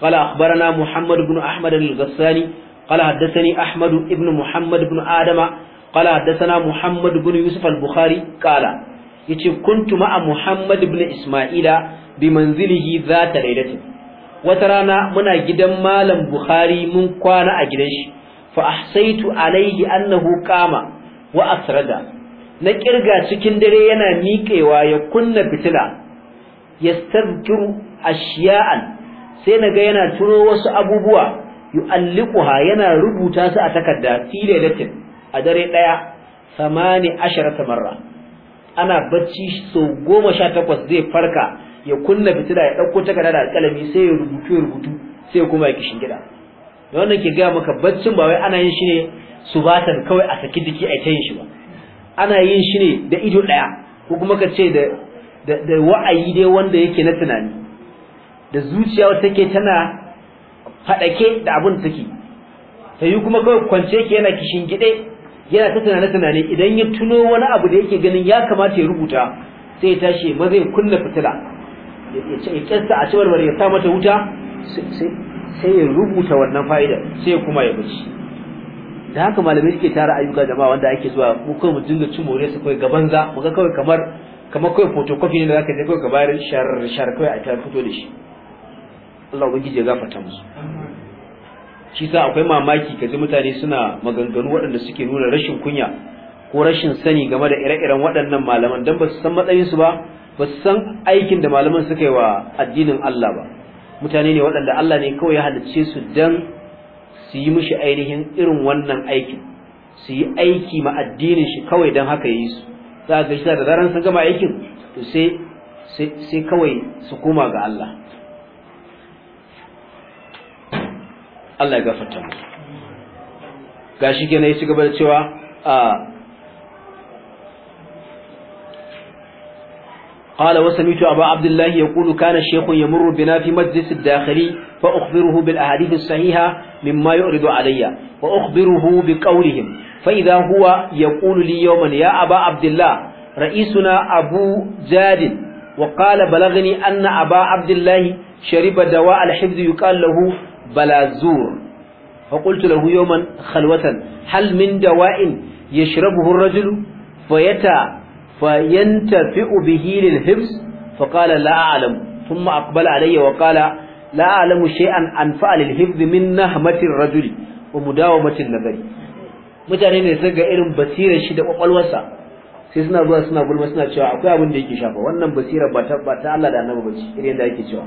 qala akhbarana Muhammad ibn Ahmad al-Ghassani qala haddathani Ahmad Muhammad ibn Adama qala haddathana Muhammad ibn Yusuf al-Bukhari qala yace kuntu ma Muhammad ibn Isma'ila bi manzilihi zata lailatin wata rana muna gidan malam Bukhari mun kwana a gidan shi fa ahsaitu Alayhi annahu qama wa asrada na kirga cikin dare yana miƙewa ya kunna fitila yastadkiru ashiya'an sai naga yana turo wasu abubuwa yu'alliquha yana rubuta su a takarda fi lailatin a dare daya 18 marra ana bacci sau goma sha takwas zai farka ya kunna fitila ya ɗauko takarda da alƙalami sai ya rubutu ya rubutu sai ya koma ya kishin gida da wannan ke gaya maka baccin ba wai ana yin shi ne su batan kawai a saki jiki a yi yin shi ba ana yin shi ne da ido ɗaya ko kuma ka ce da wa'ayi dai wanda yake na tunani da zuciya wata take tana faɗake da abin take ta yi kuma kawai kwance yake yana kishin gida. yana ta tunane tunane idan ya tuno wani abu da yake ganin ya kamata ya rubuta sai ya tashi ma zai kunna fitila ya kyasta a cewar ya sa mata wuta sai ya rubuta wannan fa'idar, sai kuma ya bace da haka malamai suke tara ayyuka jama'a wanda ake zuwa mu kawai mu dinga cin more su kawai gaban za mu ga kawai kamar kamar kawai photocopy ne da zaka je kawai ka bayar shar shar kawai a ta fito da shi Allah ubangiji ya gafarta musu shi sa akwai mamaki kaji mutane suna maganganu waɗanda suke nuna rashin kunya ko rashin sani game da ire-iren waɗannan malaman don ba su san matsayinsu ba ba su san aikin da malaman suka yi wa addinin Allah ba mutane ne waɗanda Allah ne kawai ya halicce su don su yi mishi ainihin irin wannan aikin su yi aiki ma addinin shi kawai don haka yi su za ga shi da zaran sun gama aikin to sai kawai su koma ga Allah Allah ya gafarta mu gashi kenan ya ci gaba da cewa a قال وسمعت أبا عبد الله يقول كان الشيخ يمر بنا في مجلس الداخلي فأخبره بالأحاديث الصحيحة مما يعرض علي وأخبره بقولهم فإذا هو يقول لي يوما يا أبا عبد الله رئيسنا أبو جاد وقال بلغني أن أبا عبد الله شرب دواء الحفظ يقال له balazur fa qultu lahu yawman khalwatan hal min rajulu fayata fayantafi'u bihi lil-hibs fa qala la a'lam mutane ne ga irin basirar shi da kwakwalwarsa sai suna zuwa suna gulma suna cewa akwai abin da yake shafa wannan basira ba ta Allah da annabi bace irin da yake cewa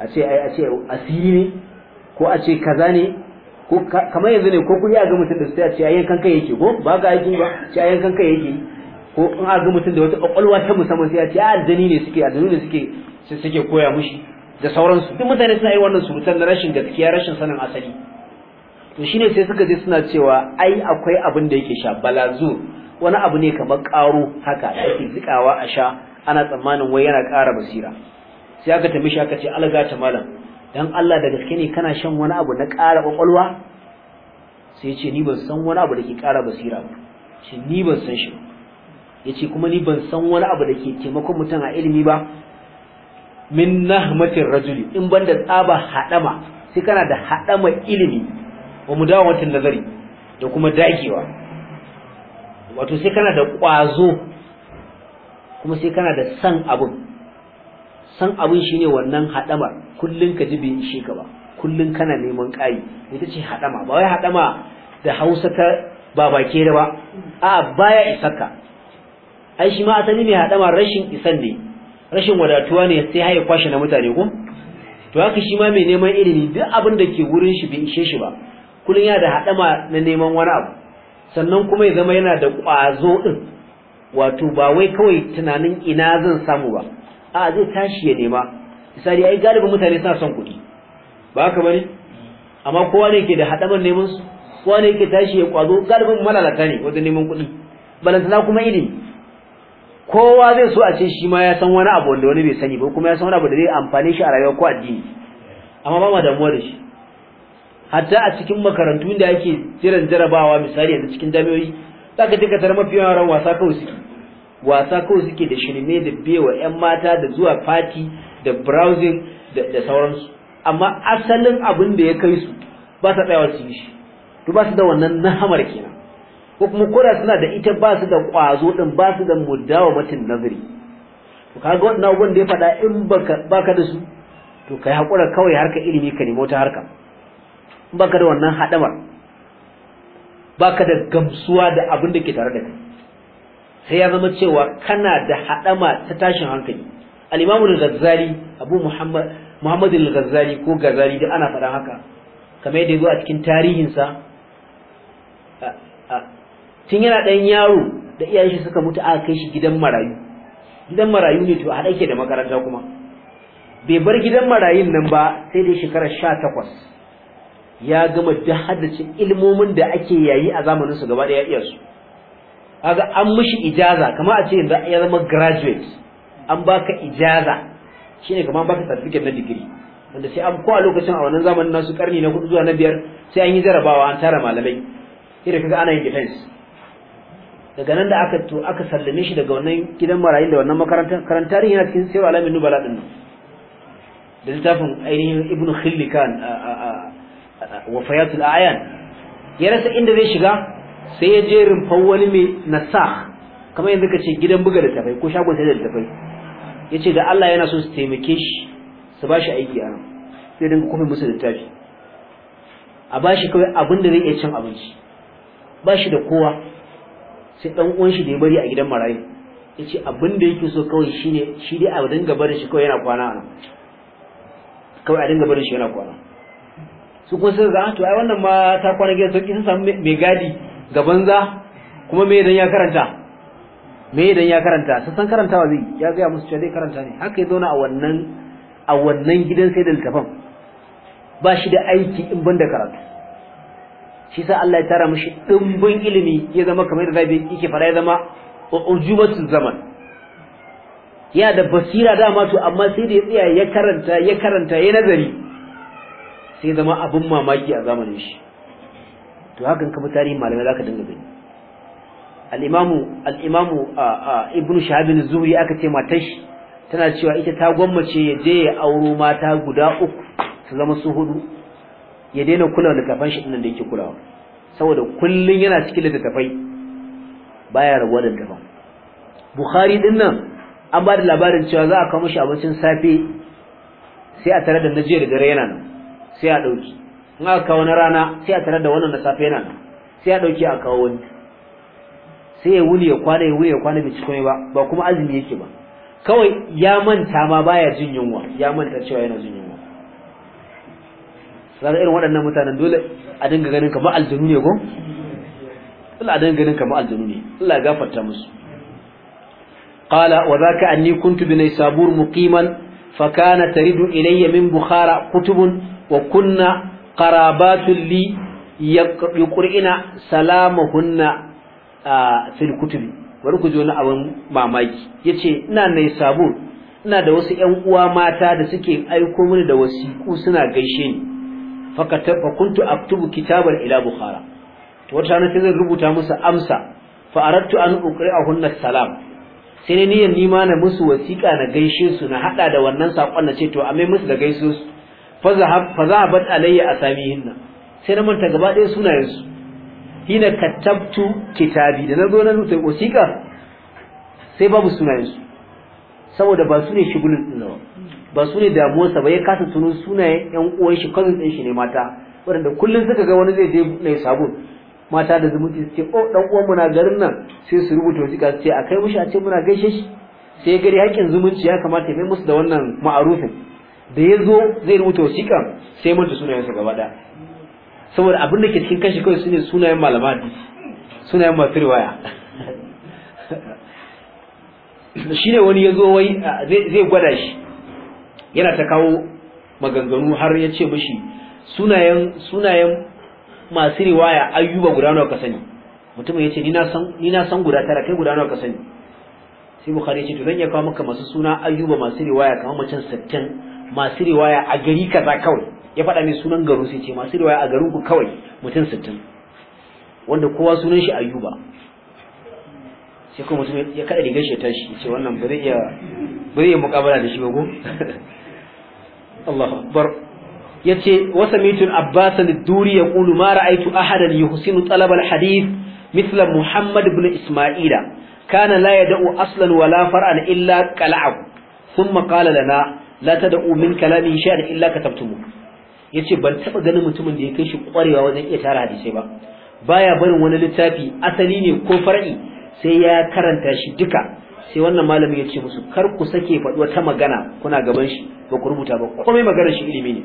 a ce ai a ce asiri ne ko a ce kaza ne ko kamar yanzu ne ko kuri a ga mutum da su a ce ayyan kanka yake ko ba ga yake ba ce ayyan kanka yake ko in a ga mutum da wata kwakwalwa ta musamman sai a ce aljani ne suke aljani ne suke suke koya mushi da sauransu duk mutane suna yi wannan surutan na rashin gaskiya rashin sanin asali to shine sai suka je suna cewa ai akwai abin da yake sha balazu wani abu ne kamar karo haka da ake zikawa a sha ana tsammanin wai yana ƙara basira sai aka tambaye shi aka ce alga ta malam dan Allah da gaske ne kana shan wani abu na ƙara kwakwalwa sai ce ni ban san wani abu da ke ƙara basira ba ce ni ban san shi ce kuma ni ban san wani abu da ke taimakon mutum a ilimi ba min nahmatir rajuli in ban da tsaba haɗama, sai kana da haɗama ilimi wa mudawatin nazari da kuma dagewa wato sai kana da ƙwazo kuma sai kana da san abun san abin shine wannan haɗama kullun ka ji bai ishe ka ba kullun kana neman ƙayi ita ce haɗama ba wai haɗama da hausa ta babake da ba a'a baya isaka ai shi ma asali mai haɗama rashin isan ne rashin wadatuwa ne sai haye kwashe na mutane ko to haka shi ma mai neman ilimi duk abin da ke wurin shi bai ishe shi ba kullun yana da haɗama na neman wani abu sannan kuma ya zama yana da ƙwazo din wato ba wai kawai tunanin ina zan samu ba a zai tashi ya nema misali ai galibin mutane suna son kuɗi ba haka bane amma kowa ne ke da hadaman neman su kowa ne yake tashi ya kwazo galibin malalata ne wajen neman kuɗi balantana kuma ilimi kowa zai so a ce shi ma ya san wani abu wanda wani bai sani ba kuma ya san wani abu da zai amfane shi a rayuwa ko addini amma ba ma damuwa da shi hatta a cikin makarantu da ake jiran jarabawa misali yanzu cikin jami'o'i zaka je ka tarar mafi yawan wasa kawai suke wasa kawai suke da shirme da bewa 'yan mata da zuwa fati da browsing da sauransu amma asalin abin da ya kai su ba sa tsayawar su yi shi to ba su da wannan nahamar kenan ko kuma koda suna da ita ba su da kwazo din ba su da mudawa matin nazari to kaga wannan abin da ya faɗa in baka baka da su to kai hakura kawai harka ilimi ka nemo ta harka in baka da wannan hadamar baka da gamsuwa da abin da ke tare da kai sai ya zama cewa kana da haɗama ta tashin hankali al-imamu al-ghazali abu muhammad muhammad al-ghazali ko gazali da ana faɗa haka kamar yadda yazo a cikin tarihinsa tun yana ɗan yaro da iyayen shi suka mutu aka kai shi gidan marayu gidan marayu ne to haɗa ke da makaranta kuma bai bar gidan marayun nan ba sai da shekara sha takwas ya gama da haddace ilmomin da ake yayi a zamanin su gaba ɗaya iya su kaga an mishi ijaza kamar a ce ya zama graduate an baka ijaza shine kamar baka certificate na digiri wanda sai an kowa lokacin a wannan zamanin nasu karni na hudu zuwa na biyar sai an yi jarabawa an tara malamai irin kaga ana yin defense daga nan da aka to aka sallame shi daga wannan gidan marayin da wannan makarantar karantarin yana cikin sai alamin nubala din nan da littafin ainihin ibn khillikan wafayatul ayan ya rasa inda zai shiga sai ya je rumfar wani mai nasa kamar yanzu ka ce gidan buga da tafai ko shagon sai da tafai ya ce da Allah yana so su taimake shi su ba shi aiki a nan sai dinga kuma musu littafi a ba shi kawai abin da zai iya cin abinci ba shi da kowa sai ɗan uwan shi da ya bari a gidan marayu ya ce abin da yake so kawai shi ne shi dai a dinga barin shi kawai yana kwana a nan kawai a dinga barin shi yana kwana su kuma sai ga ah, to ai wannan ma ta kwana gidan sauki sun samu mai gadi ga banza kuma me idan ya karanta me idan ya karanta sai san karantawa zai ya gaya musu cewa zai karanta ne haka ya zauna a wannan a wannan gidan sai da ba shi da aiki in ban karatu shi sa Allah ya tara mishi dimbin ilimi ya zama kamar da zabi yake fara ya zama ujubatul zaman ya da basira dama to amma sai da ya tsaya ya karanta ya karanta ya nazari sai zama abin mamaki a zamanin shi to hakan kafa tarihin malamai zaka dinga gani al-imamu al-imamu ibnu shahab az-zuhri aka ce matar shi tana cewa ita ta gwammace ya je ya auro mata guda uku su zama su hudu ya daina kula da kafan shi dinnan da yake kulawa saboda kullun yana cikin littattafai baya rabuwa da littafan bukhari dinnan an ba da labarin cewa za a kawo mishi abincin safe sai a tare da najiyar dare yana nan sai a dauki in aka kawo na rana sai a tarar da wannan na safe yana nan sai a dauki a kawo wani sai ya wuni ya kwana ya wuni ya kwana bai ci komai ba ba kuma azumi yake ba kawai ya manta ma baya jin yunwa ya manta cewa yana jin yunwa sai irin waɗannan mutanen dole a dinga ganin kamar aljanu ne ko Allah dan ganin kamar aljanu ne Allah ya gafarta musu qala wa zaka anni kuntu bi naysabur muqiman fa kana taridu ilayya min bukhara kutubun wa kunna qarabatun li yuqrina salamahunna fil kutubi bari ku ji wani abin mamaki yace ina nai sabu ina da wasu ƴan uwa mata da suke aiko mini da wasiku suna gaishe ni fakata fakuntu aktubu kitabar ila bukhara to wata ne sai zan rubuta musu amsa fa aradtu an uqri'ahunna salam sai ne niyan nima na musu wasiƙa na gaishe su na hada da wannan sakon na ce to amai musu da gaishe su fa zahabat alayya asamihinna sai na manta gaba ɗaya sunayensu hina katabtu kitabi da nazo na rubuta wasiƙa sai babu sunayensu saboda ba su ne shigulin din ba ba su ne damuwarsa ba ya kasa tuno sunayen yan uwan shi cousin din shi ne mata waɗanda kullum suka ga wani zai je mai sabon mata da zumunci su ce oh dan uwan mu garin nan sai su rubuta wasiƙa su ce a kai mushi a ce muna gaishe shi sai gari haƙƙin zumunci ya kamata ya mai musu da wannan ma'arufin da ya zo zai rubuta wasiƙan sai manta sunayensa gaba da saboda abin da ke cikin kashi kawai ne sunayen malamadi sunayen masu riwaya *laughs* shi ne wani ya zo wai zai gwada shi yana ta kawo maganganu har ya ce mashi sunayen sunayen masu riwaya ayyuba guda nawa ka sani mutumin ya ce ni na san guda tara kai guda nawa ka sani sai bukhari ya ce to zan iya kawo maka masu suna ayyuba masu riwaya kamar macen sittin masu riwaya a gari kaza kawai ya faɗa mai sunan garin sai ce masu riwaya a garin ku kawai mutum sittin wanda kowa sunan shi ayuba sai kuma mutum ya kada rigar shi tashi ya ce wannan ba zai iya ba zai iya mukabala da shi ba ko *laughs* Allahu akbar yace wa samitu Abbas al-Duri yaqulu ma ra'aytu ahadan yuhsinu talab al-hadith mithla Muhammad ibn Isma'ila kana la yad'u aslan wala far'an illa qala'ahu thumma qala lana la umin min kalamihi shay'an illa katabtumu yace ban taba ganin mutumin da ya kai shi kwarewa wajen iya tara hadisai ba baya barin wani littafi asali ne ko far'i sai ya karanta shi duka sai wannan malamin ya ce musu kar ku sake faɗi ta magana kuna gaban shi ba ku rubuta ba komai maganar shi ilimi ne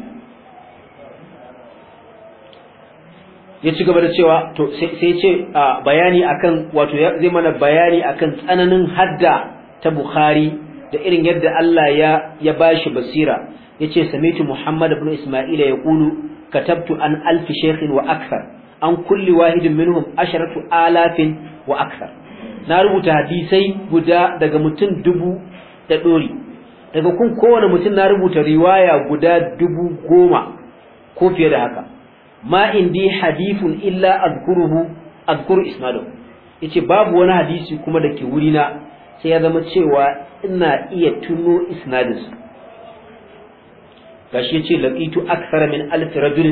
ya ci gaba da cewa to sai ce bayani akan wato zai mana bayani akan tsananin hadda ta Bukhari da irin yadda Allah ya ya bashi basira yace samitu Muhammad ibn Isma'ila yaqulu katabtu an alf shaykhin wa akthar an kulli wahidin minhum asharatu alafin wa akthar na rubuta hadisai guda daga mutum dubu da dori daga kun kowane mutum na rubuta riwaya guda dubu goma ko fiye da haka ma indi hadithun illa azkuruhu azkuru isnadu yace babu wani hadisi kuma da ke wurina sai ya zama cewa ina iya tuno isnadin su gashi yace laqitu akthara min alf rajul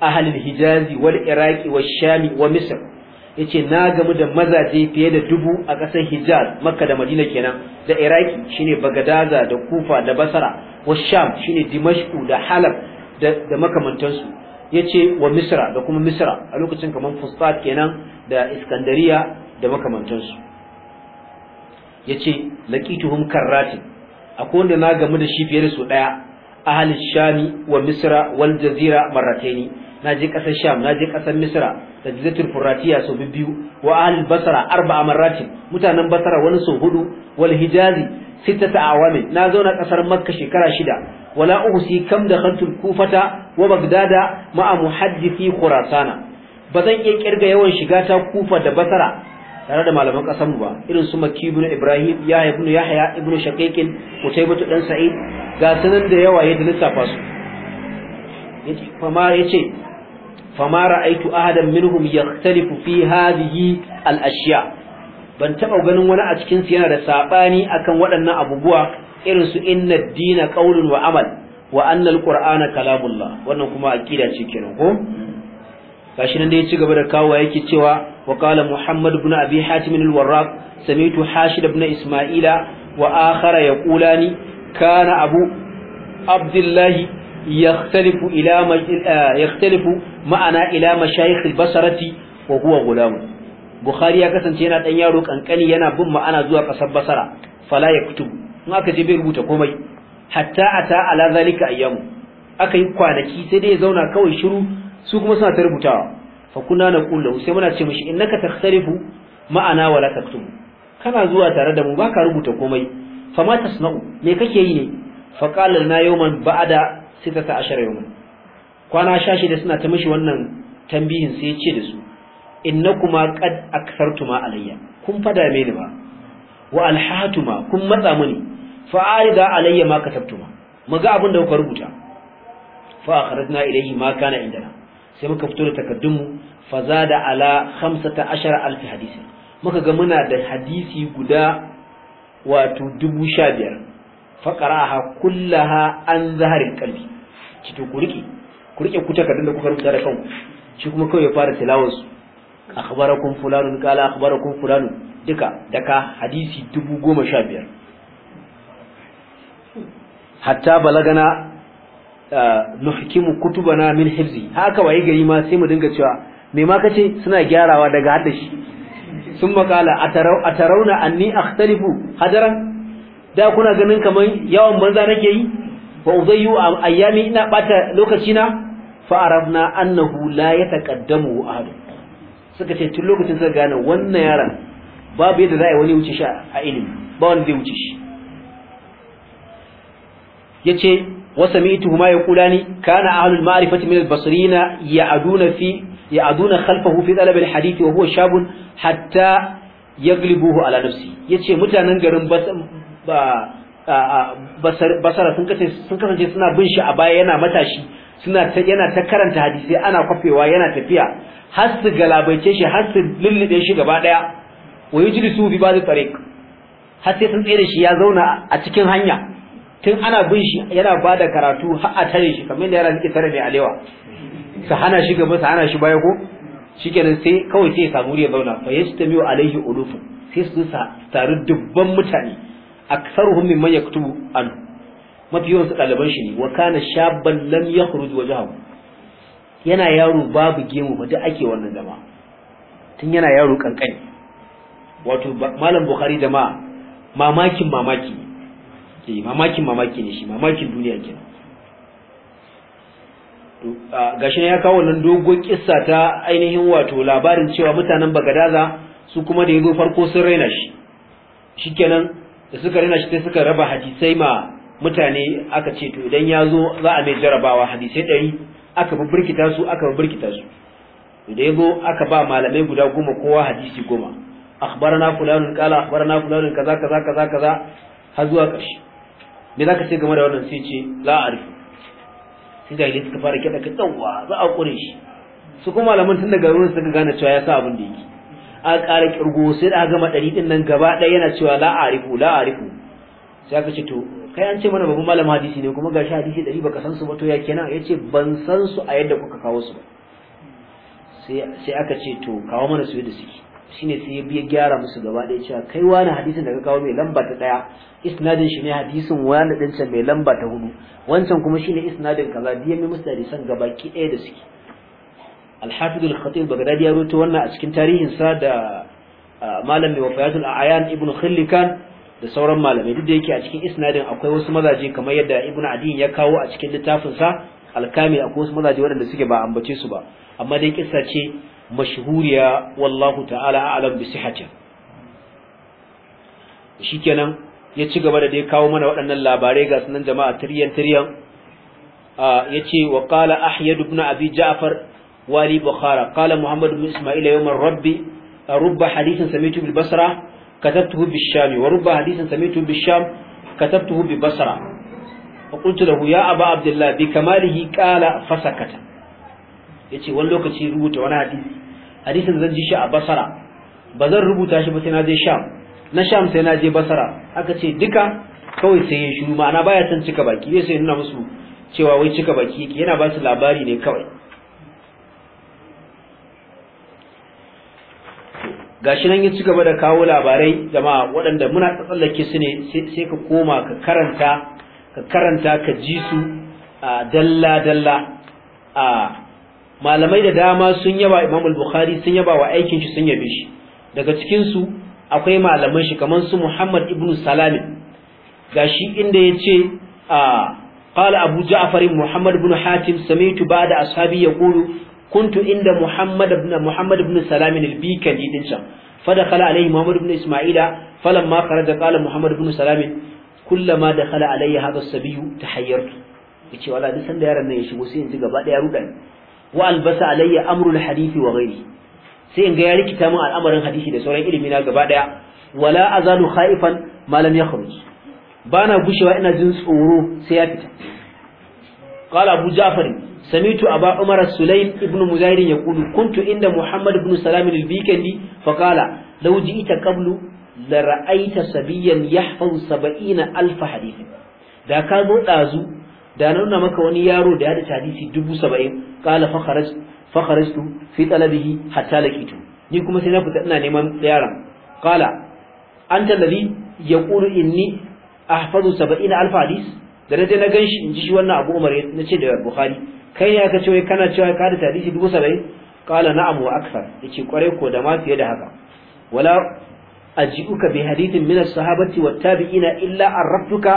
ahli hijazi, wal iraq wal sham wa misr yace na gamu da mazaje fiye da dubu a ƙasar hijaz makka da madina kenan da iraki shine bagadaza da kufa da basra wa sham shine dimashku da halab da makamantansu yace wa misra da kuma misra a lokacin kamar fustat kenan da iskandariya da makamantansu Ya yace laqituhum karratin akwai wanda na gamu da shi fiye da su daya ahli shami wa misra wal jazira marrataini na je kasar sham na je kasar misra da jazatul furatiya sau biyu wa ahli basra arba'a marratin mutanen basra wani sau hudu wal hijazi sittata awamin na zauna ƙasar makka shekara shida wala uhsi kam da khantul kufata wa bagdada ma'a muhaddisi Ba zan iya kirga yawan shiga ta kufa da basra tare da malaman kasanmu ba irin su maki ibn ibrahim ya ibn yahya ibn shaqiqin mutaybatu dan sa'id ga sanan da yawa yadda lissafa su yace fama yace fama ra'aitu ahadan minhum yakhtalifu fi hadhihi al-ashya ban taba ganin wani a cikin su yana da sabani akan waɗannan abubuwa irin su inna ad-dina qawlun wa amal wa anna al-qur'ana kalamullah wannan kuma akida ce kenan ko gashi nan da ya ci gaba da kawo yake cewa وقال محمد بن أبي حاتم الوراق سمعت حاشد بن إسماعيل وآخر يقولان كان أبو عبد الله يختلف إلى مج... يختلف معنا إلى مشايخ البصرة وهو غلام بخاري ya kasance yana ɗan yaro kankani yana bin ma'ana zuwa kasar basara. fala yaktubu in aka je bai rubuta komai hatta ata ala zalika ayyamu aka yi kwanaki sai dai ya zauna kawai shiru su kuma suna ta rubutawa Fakuna na naqul sai muna ce mishi innaka takhtarifu ma'ana wala taktum kana zuwa tare da mu baka rubuta komai fa ma tasna'u me kake yi ne fa qala lana yawman ba'da 16 yawman kwana shashi da suna ta mishi wannan tambihin sai ya ce da su innakuma qad akthartuma alayya kun fada me ba wa alhatuma kun matsa mini fa arida alayya ma katabtuma muga abin da kuka rubuta fa akhrajna ilayhi ma kana indana sai muka fito da faza da ala alfi hadisi muka ga muna da hadisi guda wato 15000 faqaraha kullaha an zaharin qalbi ki to kuriki ku takaddun da kuka rubuta da kanku shi kuma kawai ya fara tilawar su akhbarakum fulanun qala akhbarakum fulanun duka daga hadisi dubu goma sha biyar. hatta balagana nuhkimu kutubana min hifzi haka waye gari ma sai mu dinga cewa me ma kace suna gyarawa daga hadda shi sun makala atarau atarauna anni akhtalifu hadaran da kuna ganin kaman yawan banza nake yi wa uzayyu ayyami ina bata lokaci na fa arabna annahu la yataqaddamu ahad suka ce tun lokacin suka gane wannan yaran babu yadda za a yi wani wuce shi a ilimi ba wanda zai wuce shi yace وسمعتهما يقولان كان أهل المعرفة من البصريين يعدون في يعدون خلفه في طلب الحديث وهو شاب حتى يغلبوه على نفسه yace mutanen garin basara sun kasance suna bin shi a baya yana matashi yana ta karanta hadisi ana kwafewa yana tafiya har su galabaice shi har su lullube shi gaba daya wa yujlisu bi ba'd tariq har sai sun shi ya zauna a cikin hanya tun ana bin shi yana ba da karatu har a tare shi kamar da yara suke tare mai alewa su hana shi gaba su hana shi baya ko shikenan sai kawai sai samu ya zauna fa yastamiu alaihi ulufu sai su taru dubban mutane aksaruhum mimman yaktubu an mafi yawan su ɗaliban shi ne wa kana shabban lam yakhruj wajhahu yana yaro babu gemu ba duk ake wannan zama tun yana yaro kankani wato malam bukhari jama'a mamakin mamaki eh mamakin mamaki ne shi mamakin duniya kenan gashin ya kawo nan dogon kissa ta ainihin wato labarin cewa mutanen bagadaza su kuma da yazo farko sun raina shi shikenan da suka raina shi sai suka raba hadisai ma mutane aka ce to idan ya zo za a mai jarabawa hadisai ɗari aka bi birkita su aka bi birkita su da ya zo aka ba malamai guda goma kowa hadisi goma akhbarana fulanun qala akhbarana fulanun kaza kaza kaza kaza har zuwa ƙarshe me zaka ce game da wannan sai ce la arifu sai jahilai suka fara kiɗa ka tsawa za a ƙure shi su kuma malaman tun daga ruwan suka gane cewa ya sa abin da yake a ƙara kirgo sai da gama ɗari ɗin nan gaba ɗaya yana cewa la arifu la arifu sai aka ce to kai an ce mana babu malam hadisi ne kuma gashi hadisi ɗari baka san su ba to ya kenan ya ce ban san su a yadda kuka kawo su ba sai aka ce to kawo mana su yadda suke shine sai ya biya gyara musu gaba ɗaya cewa kai wani hadisin da ka kawo mai lamba ta ɗaya isnadin shi ne hadisin wani ɗin can mai lamba ta hudu wancan kuma shine isnadin kaza biya mai musu hadisan gaba ki ɗaya da suke al al-khatib bagdadi ya rubuta wannan a cikin tarihin sa da malam mai a ayan ibnu khillikan da sauran malamai duk da yake a cikin isnadin akwai wasu mazaje kamar yadda ibnu adiyin ya kawo a cikin littafin sa al akwai wasu mazaje waɗanda suke ba ambace su ba amma dai kissa ce mashhuriya wallahu ta'ala a'lam bi sihhatiha shikenan ya ci gaba da dai kawo mana waɗannan labarai ga sunan jama'a tiryan tiryan yace wa qala ahyad ibn abi ja'far wali bukhara qala muhammad ibn isma'il yawm rabbi rubba hadithan sami'tu bil basra katabtuhu bil sham wa rubba hadithan sami'tu bil sham katabtuhu bi basra فقلت له يا أبا عبد الله بكماله قال yace wani lokaci rubuta wani hadisi hadisin zan ji shi a basara ba zan rubuta shi ba sai na je sham na sham sai na je basara aka ce duka kawai sai ya shiru ma'ana baya son cika baki zai sai nuna musu cewa wai cika baki yake yana ba su labari ne kawai gashi nan ya ci gaba da kawo labarai jama'a waɗanda muna tsallake su ne sai ka koma ka karanta ka karanta ka ji su a dalla dalla a malamai da dama sun yaba Imam al-Bukhari sun yaba wa aikin shi sun yabe shi daga cikin su akwai malaman shi kamar su Muhammad ibn Salam gashi inda yace a qala Abu Ja'far Muhammad ibn Hatim sami'tu ba'da ashabi yaqulu kuntu inda Muhammad ibn Muhammad ibn Salam al-Bikali din can fadakhala alayhi Muhammad ibn Isma'ila falamma kharaja qala Muhammad ibn Salam kullama dakhala alayya hadha as-sabiy tahayyartu yace wala duk sanda yaran nan ya shigo sai in ji gaba daya rudan wa albasa alayya amrul hadisi wa ghairi sai in ga ya rikita mun al'amarin hadisi da sauran ilimi na gaba daya wala azalu khaifan ma lam yakhruj bana gushewa ina jin tsoro sai ya fita qala abu ja'far samitu aba umar sulaim ibnu ya yaqulu kuntu inda muhammad ibn salam al-bikandi fa qala law ji'ita qablu la ra'aita sabiyan yahfazu 70000 hadith da ka zo dazu da nuna maka wani yaro da ya da hadisi dubu saba'in kala fakharastu fi talabihi hatta laqitu ni kuma sai na fita ina neman yaron kala anta alladhi yaqulu inni ahfazu saba'ina alfa hadis da na je na ganshi in ji shi wannan abu umar na ce da bukhari kai ne aka ce wai kana cewa ka da hadisi dubu saba'in kala na'am wa da ke kwarai ko da ma fiye da haka wala aji'uka bi hadithin min as-sahabati wat-tabi'ina illa arraftuka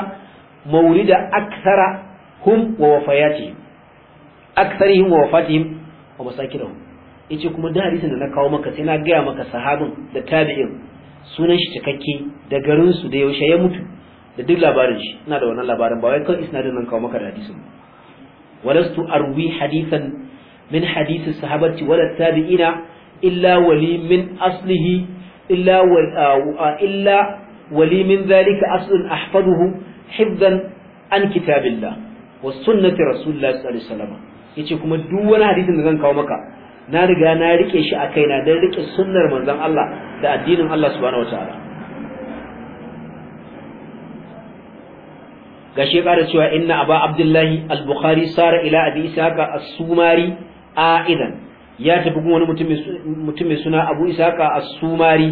da aksara. hum wa wafayatihim aktharihim wa wafatihim wa masakirahum yace kuma da hadisin da na kawo maka sai na gaya maka sahabin da tabi'in sunan shi cikakke da garin su da yaushe ya mutu da duk labarin shi ina da wannan labarin ba wai kan isnadin nan kawo maka da hadisin walastu arwi hadithan min hadisi sahabati wala tabi'ina illa wali min aslihi illa illa wali min dhalika aslun ahfaduhu hifdan an kitabillah wa sunnati rasulullahi sallallahu alaihi wasallam yace kuma duk wani hadisin da zan kawo maka na riga na rike shi a kaina dan rike sunnar manzon Allah da addinin Allah subhanahu wataala gashi ƙara cewa inna aba abdullahi al-bukhari sara ila abi ishaqa as-sumari aidan ya tafi gun wani mutum mai suna abu ishaqa as-sumari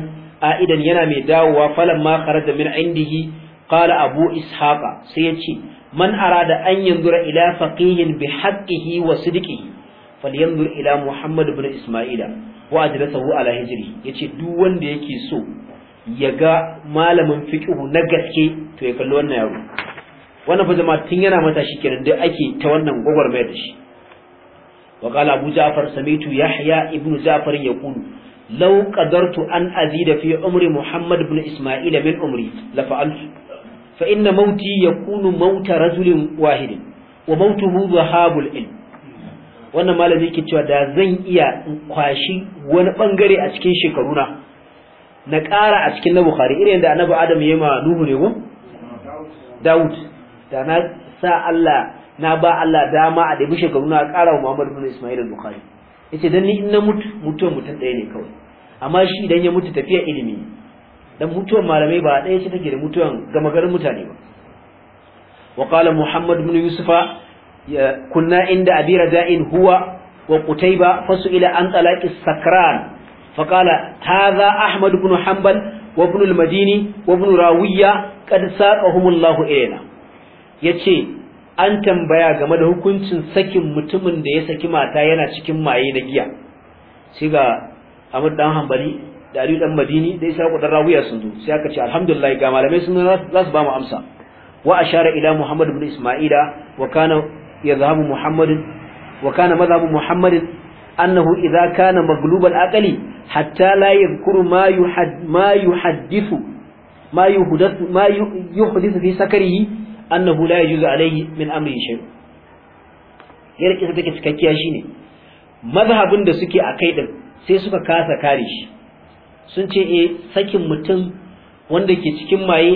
aidan yana mai dawowa falan ma kharaja min indihi qala abu ishaqa sai ya ce man da an yanzura ila faqihin bi haqqihi wa sidqihi falyanzur ila muhammad ibn isma'ila wa ajlasahu ala hijiri? hijri ce duk wanda yake so ya ga malamin fiqhu na gaske to ya kalli wannan yaro wannan fa tun yana mata shi da dai ake ta wannan gwagwarmayar da shi wa qala abu ja'far samitu yahya ibnu ja'far yaqulu law qadartu an azida fi umri muhammad ibn isma'ila min umri la fa'altu fa inna mauti yakunu mauta rajulin wahidi wa mautuhu zahabul ilm wannan malami yake cewa da zan iya kwashi wani bangare a cikin shekaruna na ƙara a cikin na Bukhari irin da annabi Adam ya ma Nuhu ne ko Dawud da na sa Allah na ba Allah dama a dabi shekaru a ƙara wa Muhammad bin Ismail al-Bukhari yace dan ni in na mutu mutuwar mutum ɗaya ne kawai amma shi idan ya mutu tafiya ilimi dan mutuwan malamai ba ɗaya ce take da mutuwan gama garin mutane ba wa qala muhammad ibn yusufa kunna inda abi raza'in huwa wa qutayba ila an talaqi sakran fa qala hadha ahmad ibn hanbal wa ibn al-madini wa ibn rawiya qad saqahum allah ilayna yace an tambaya game da hukuncin sakin mutumin da ya saki mata yana cikin maye na giya sai ga Ahmad dan Hanbali da Aliyu dan Madini da Isa dan Rawiya sun zo sai aka ce alhamdulillah ga malamai sun za su ba mu amsa wa ashara ila Muhammad ibn Isma'ila wa kana yadhhabu Muhammad wa kana madhhabu Muhammad annahu idza kana maglub al-aqli hatta la yadhkuru ma yuhad ma yuhaddithu ma yuhdathu ma yuhdithu fi sakarihi annahu la yajuzu alayhi min amri shay yadda kisa take cikakkiya shine mazhabin da suke akai din sai suka kasa kare shi sun ce e sakin mutum wanda ke cikin maye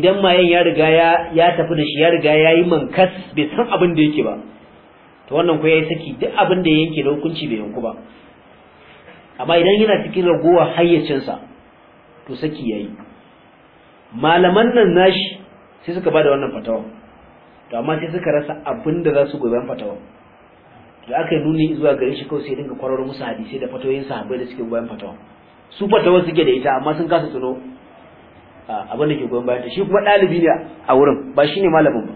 idan mayen ya riga ya tafi da shi ya riga ya yi mankas bai san abin da yake ba to wannan ko ya yi saki duk abin da ya yanke da hukunci bai yanku ba amma idan yana cikin ragowar hayyacinsa to saki ya yi malaman nan nashi sai suka ba da wannan fatawa to amma sai suka rasa abin da za su goyi fatawa da aka yi nuni zuwa gare shi kawai sai dinga kwararo musu hadisi da fatoyin sahabbai da suke goyon fatawa su wasu suke da ita amma sun kasa tuno abin da ke goyon bayan ta shi kuma ɗalibi ne a wurin ba shine malamin ba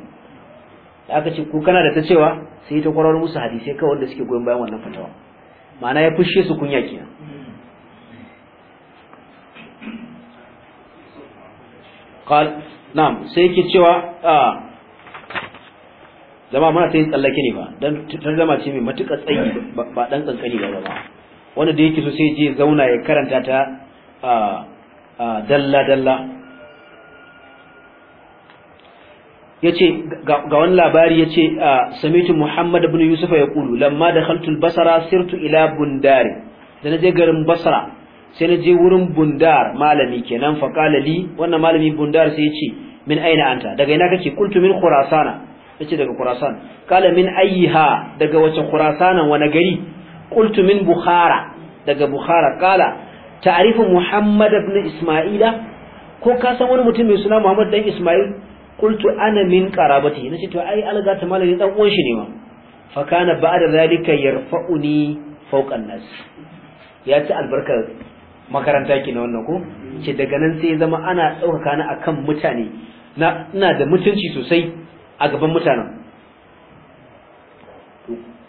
da aka ce ko kana da ta cewa sai ta kwararo musu hadisai kawai wanda suke goyon bayan wannan fatawa ma'ana ya fushe su kunya kenan qal sai yake cewa jama'a muna ta tsallake ne ba dan tarjama ce mai matukar tsayi ba dan kankani ba ba. wanda da yake so sai je zauna ya karanta ta dalla dalla yace ga wani labari yace samitu muhammad ibn yusuf ya kulu lamma dakhaltu al-basra sirtu ila bundari da naje garin basra sai naje wurin bundar malami kenan fa kala li wannan malami bundar sai yace min aina anta daga ina kake kultu min khurasana yace daga khurasan kala min ayyiha daga wace khurasanan wani gari qultu Buhara, bukhara daga bukhara kala ta'rifu muhammad ibn isma'ila ko ka san wani mutum mai suna muhammad dan isma'il qultu ana min na ce to ai alga ta malami dan uwan shi ne ma fa kana ba'da zalika yarfa'uni fawqa nas ya ci albarkar makaranta ki na wannan ko ce daga nan sai zama ana ɗaukaka ni akan mutane na ina da mutunci sosai a gaban mutanen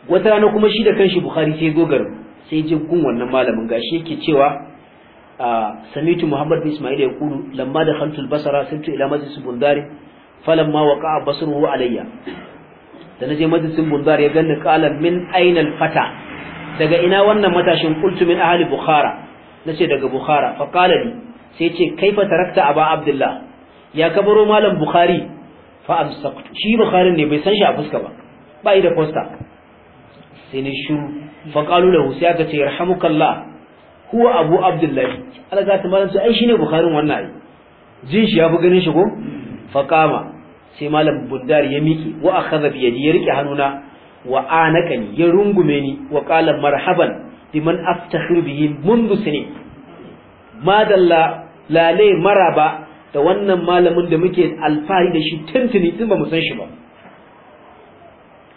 wata rana kuma shi da kanshi bukhari sai gogar garin sai jin kun wannan malamin gashi yake cewa samitu muhammad bin isma'il ya kulu lamma da khaltul basara sirtu ila majlis bundari falamma waqa'a basruhu alayya da naje majlisin bundar ya ganni qala min aina al-fata daga ina wannan matashin kultumin min ahli bukhara nace daga bukhara fa qala li sai ce kaifa tarakta aba abdullah ya kabaro malam bukhari fa amsaktu shi Bukhari ne bai san shi a fuska ba bai da poster sai ne shuru fa qalu lahu sai aka ce yarhamukallah huwa abu abdullahi ala ga ta malam ai shine bukharin wannan ai jin shi fi ganin shi ko Faƙama sai malam buddar ya mike wa akhadha bi yadi ya rike hannuna wa anakani ya rungume ni wa qala marhaban diman aftakhir bihi mundu sini madalla lale maraba da wannan malamin da muke alfahari da shi tuntuni din ba mu san shi ba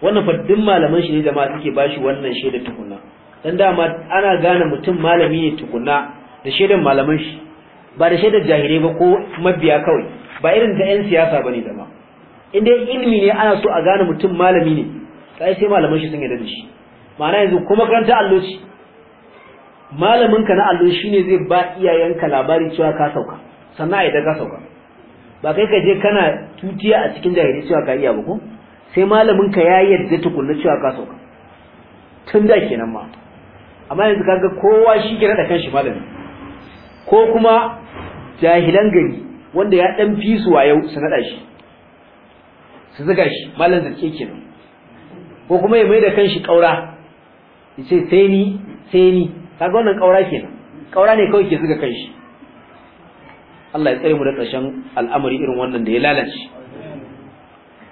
wannan faddin malaman shi ne da ma suke bashi wannan shaida tukuna dan dama ana gane mutum malami ne tukuna da shaidan malaman shi ba da shaidar jahilai ba ko mabiya kawai ba irin ta yan siyasa bane da ma in dai ilimi ne ana so a gane mutum malami ne sai sai malaman shi sun yarda da shi ma'ana yanzu ko makaranta allo ce malamin ka na allo shine zai ba iyayenka labari cewa ka sauka sannan a da ka sauka ba kai ka je kana tutiya a cikin jahilai cewa ka iya ba ko sai malamin ka ya yadda tukunna cewa ka sauka tun da kenan ma amma yanzu kaga kowa shi kira da kanshi malami ko kuma jahilan gari wanda ya dan fi su yau su nada shi su zuga shi malam zake kenan ko kuma ya mai da kanshi kaura yace sai ni sai ni kaga wannan kaura kenan kaura ne kawai ke zuga kanshi Allah ya tsare mu da ƙarshen al'amari irin wannan da ya lalace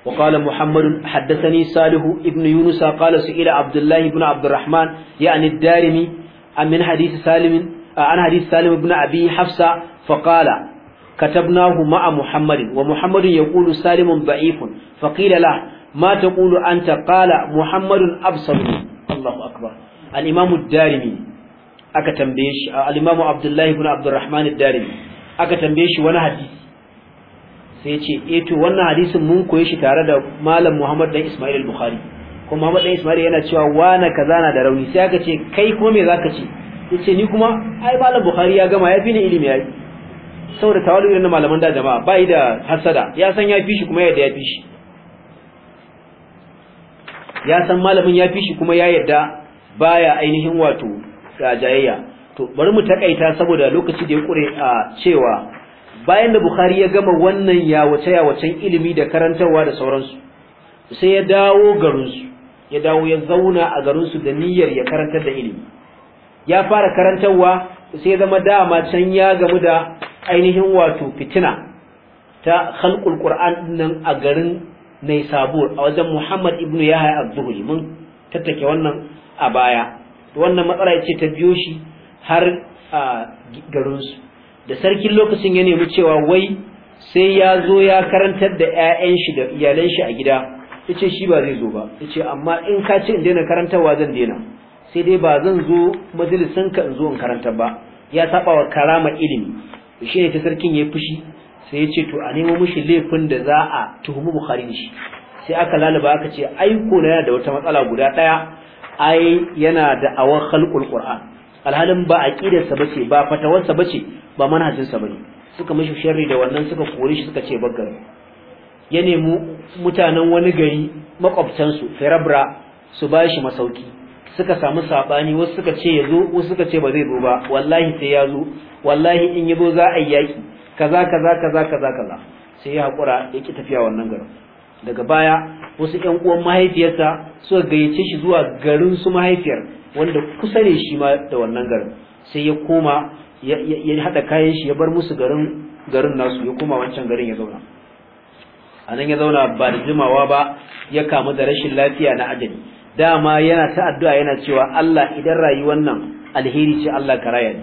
وقال محمد حدثني صالح ابن يونس قال سئل عبد الله بن عبد الرحمن يعني الدارمي من حديث سالم عن حديث سالم بن أبي حفصة فقال كتبناه مع محمد ومحمد يقول سالم ضعيف فقيل له ما تقول أنت قال محمد أبصر الله أكبر الإمام الدارمي أكتم بيش الإمام عبد الله بن عبد الرحمن الدارمي أكتم بيش وانا حديث sai ce eto eh, wannan hadisin mun koyi shi tare da malam Muhammad dan Ismail al-Bukhari kuma Muhammad dan Ismail yana cewa wa na kaza na da rauni sai aka ce kai kuma me zaka ce yace ni kuma ai malam Bukhari ya gama ya fi ni ilimi yayi saboda tawali irin malaman da jama'a bai da hasada ya san ya fi shi kuma yadda ya fi shi ya san malamin ya fi shi kuma ya yadda baya ainihin wato jayayya to bari mu takaita saboda lokaci da ya kure a cewa bayan da bukhari ya gama wannan ya wace-ya wacen ilimi da karantarwa da sauransu sai ya dawo garinsu ya dawo ya zauna a garinsu da niyyar ya karantar da ilimi ya fara karantarwa sai zama dama can ya gamu da ainihin wato fitina ta khalqul qur'an nan a garin Naisabur a wajen Muhammad ibnu Yahya az-Zuhri mun tattake wannan a baya wannan matsala ce ta biyo shi har garinsu da sarkin lokacin ya nemi cewa wai sai ya zo ya karantar da 'ya'yan shi da iyalan shi a gida yace shi ba zai zo ba yace amma in ka ce in daina karantarwa zan daina sai dai ba zan zo majalisin ka in zo in karanta ba ya saba wa karama ilimi shi ne ta sarkin ya fushi sai ya ce to a nemo mushi laifin da za a tuhumi bukhari da shi sai aka lalaba aka ce ai na yana da wata matsala guda ɗaya, ai yana da awan khalqul qur'an alhalin ba aqidarsa bace ba fatawarsa bace ba manhajinsa ne suka mishi sharri da wannan suka kore shi suka ce baggar ya nemi mutanen wani gari makwabtansu firabra su ba shi masauki suka samu sabani wasu suka ce ya zo wasu suka ce ba zai zo ba wallahi sai ya zo wallahi in ya zo za a yi yaki kaza kaza kaza kaza kaza sai ya haƙura ya ki tafiya wannan garin daga baya wasu ƴan uwan mahaifiyarsa suka gayyace shi zuwa garin su mahaifiyar wanda kusa ne shi ma da wannan garin sai ya koma ya hada kayan shi ya bar musu garin garin nasu ya koma wancan garin ya zauna a nan ya zauna ba da jimawa ba ya kamu da rashin lafiya na ajali dama yana ta addu'a yana cewa Allah idan rayuwar nan alheri ce Allah ka raya ni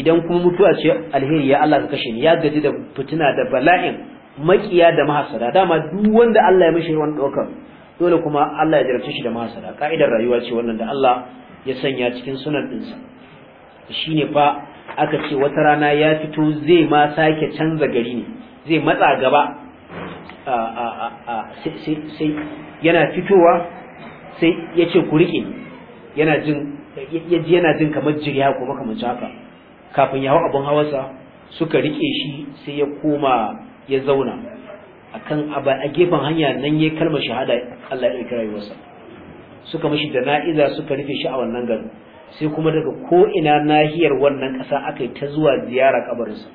idan kuma mutuwa ce alheri ya Allah ka kashe ni ya gaji da fitina da bala'in makiya da mahasada dama duk wanda Allah ya mishi wani ɗaukar dole kuma Allah ya jarabce shi da mahasada ka'idar rayuwa ce wannan da Allah ya sanya cikin sunan dinsa shine fa aka ce wata rana ya fito zai ma sake canza gari ne zai matsa gaba sai yana fitowa sai ya ce ku riƙe yana jin kamar jirya ko makamancin haka kafin ya hau abin hawarsa suka riƙe shi sai ya koma ya zauna a gefen hanya nan ya kalmar shahada Allah ya ɗauki rayuwarsa suka mashi da na'iza suka rufe shi a wannan garin sai kuma daga ko'ina nahiyar wannan ƙasa aka yi ta zuwa ziyara kabarinsa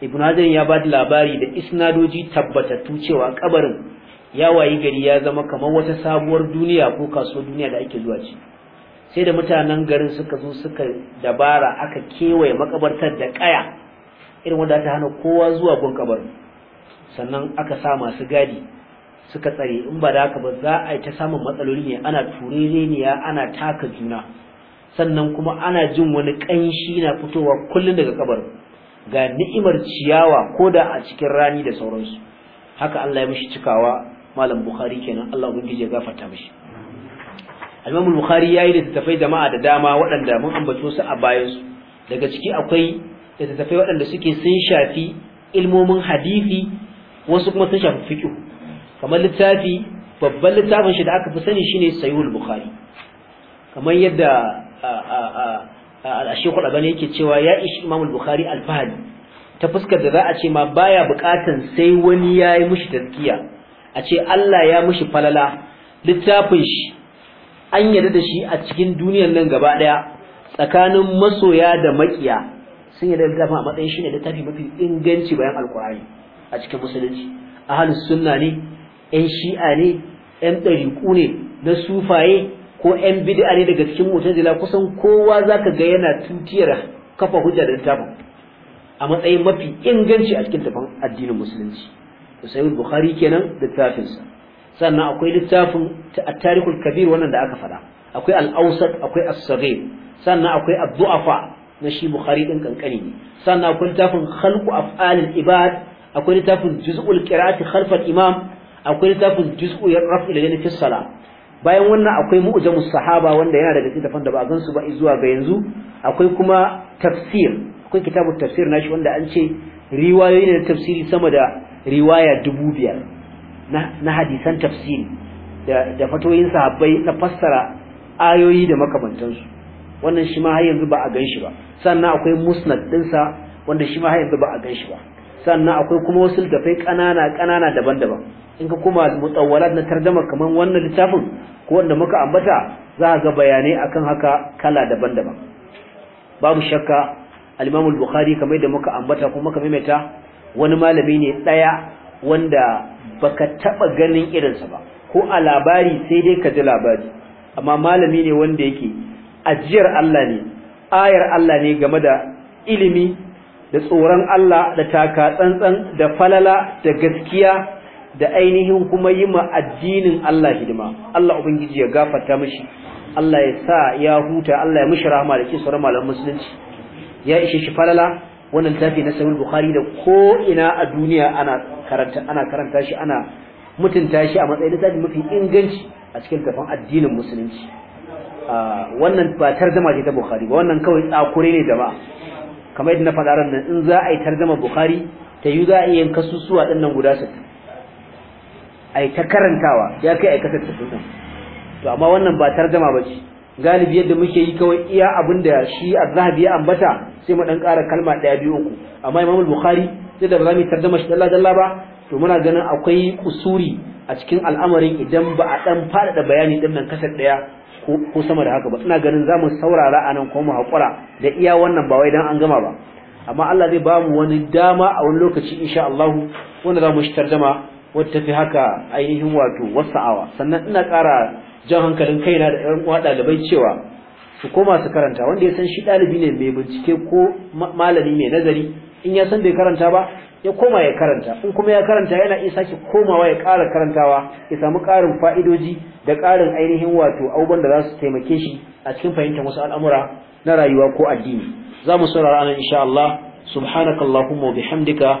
ibn hajar ya ba da labari da isnadoji tabbatattu cewa kabarin ya wayi gari ya zama kamar wata sabuwar duniya ko kasuwar duniya da ake zuwa ci sai da mutanen garin suka zo suka dabara aka kewaye makabartar da kaya irin wanda ta hana kowa zuwa gun kabarin sannan aka sa masu gadi suka tsare in ba da haka ba za a yi ta samun matsaloli ne ana turereniya ana taka juna sannan kuma ana jin wani ƙanshi na fitowa kullum daga kabar ga ni'imar ciyawa ko da a cikin rani da sauransu haka Allah ya mishi cikawa malam bukhari kenan Allah ubangiji ya gafarta mishi al-imam bukhari yayi tafai jama'a da dama waɗanda mun ambato su a bayan su daga ciki akwai tafai waɗanda suke sun shafi ilmomin hadisi wasu kuma sun shafi fiqh kamar littafi babban littafin shi da aka fi sani shine al bukhari kamar yadda al-Sheikh Al-Albani yake cewa ya ishi imamul bukhari al ta fuskar da za a ce ma baya bukatan sai wani yi mushi taskiya, a ce Allah ya mushi falala littafin shi an yarda da shi a cikin duniyar nan gaba daya tsakanin masoya da makiya sun yarda da littafin a matsayin shi ne littafi mafi inganci bayan al a cikin musulunci ahlus sunna ne ƴan shi'a ne ƴan ɗariƙu ne na sufaye ko yan bid'a ne daga cikin mu'tazila kusan kowa zaka ga yana tutiyar kafa hujja da littafin a matsayin mafi inganci a cikin tafan addinin musulunci sai bukhari kenan littafinsa sannan akwai littafin at-tarikhul kabir wannan da aka faɗa akwai al-awsat akwai as-saghir sannan akwai ad-du'afa na shi bukhari din kankani sannan akwai littafin khalqu af'alil ibad akwai littafin juz'ul qira'ati khalfa al-imam akwai littafin juz'u yarfa'u ilayhi fi salat bayan wannan akwai mu'jamu sahaba wanda yana daga cikin da ba a gansu ba zuwa ga yanzu akwai kuma tafsir akwai kitabu tafsir nashi wanda an ce riwayoyi ne na tafsiri sama da riwaya dubu biyar na hadisan tafsiri da da fatoyin sahabbai na fassara ayoyi da makamantansu wannan shi ma har yanzu ba a ganshi ba sannan akwai musnad wanda shi ma har yanzu ba a ganshi ba sannan akwai kuma wasu dafai ƙanana ƙanana daban-daban in ka kuma mutawwalat na tarjama kaman wannan littafin ko wanda muka ambata za ga bayanai akan haka kala daban-daban babu shakka al-Imam al-Bukhari kamar da muka ambata kuma muka maimaita wani malami ne daya wanda baka taba ganin irin sa ba ko a labari sai dai ka ji labari amma malami ne wanda yake ajiyar Allah ne ayar Allah ne game da ilimi da tsoron Allah da taka tsantsan da falala da gaskiya da ainihin kuma yi ma addinin Allah hidima Allah ubangiji ya gafarta mishi Allah ya sa ya huta Allah ya mishi rahama da kisar malaman musulunci ya ishe shi falala wannan tafi na sahih bukhari da ko ina a duniya ana karanta ana karanta shi ana mutunta shi a matsayin littafi mafi inganci a cikin tafan addinin musulunci wannan ba tarzama ce ta bukhari ba wannan kawai tsakure ne ba kamar yadda na faɗa ran nan in za a yi tarjuma bukhari ta yi za a iya yin kasusuwa ɗin nan guda sittin ai ta karantawa ya kai ai kasar ta to amma wannan ba tarzama ba ce galibi yadda muke yi kawai iya abin da shi azhabi ya ambata sai mu dan ƙara kalma ɗaya biyu uku amma imam al-bukhari sai da ba za shi dalla dalla ba to muna ganin akwai kusuri a cikin al'amarin idan ba a dan faɗaɗa bayani din nan kasar ɗaya ko sama da haka ba ina ganin zamu saurara anan ko mu hakura da iya wannan ba wai dan an gama ba amma Allah zai ba mu wani dama a wani lokaci insha Allah wanda zamu shi tarzama. wata fi haka ainihin wato wasu wasa'awa sannan ina ƙara jan hankalin kaina da ƴan uwa ɗalibai cewa su koma su karanta wanda ya san shi ɗalibi ne mai bincike ko malami mai nazari in ya san bai karanta ba ya koma ya karanta in kuma ya karanta yana iya sake komawa ya ƙara karantawa ya samu ƙarin fa'idoji da ƙarin ainihin wato abubuwan da za su taimake shi a cikin fahimtar wasu al'amura na rayuwa ko addini za mu saurara nan insha Allah subhanakallahumma wa bihamdika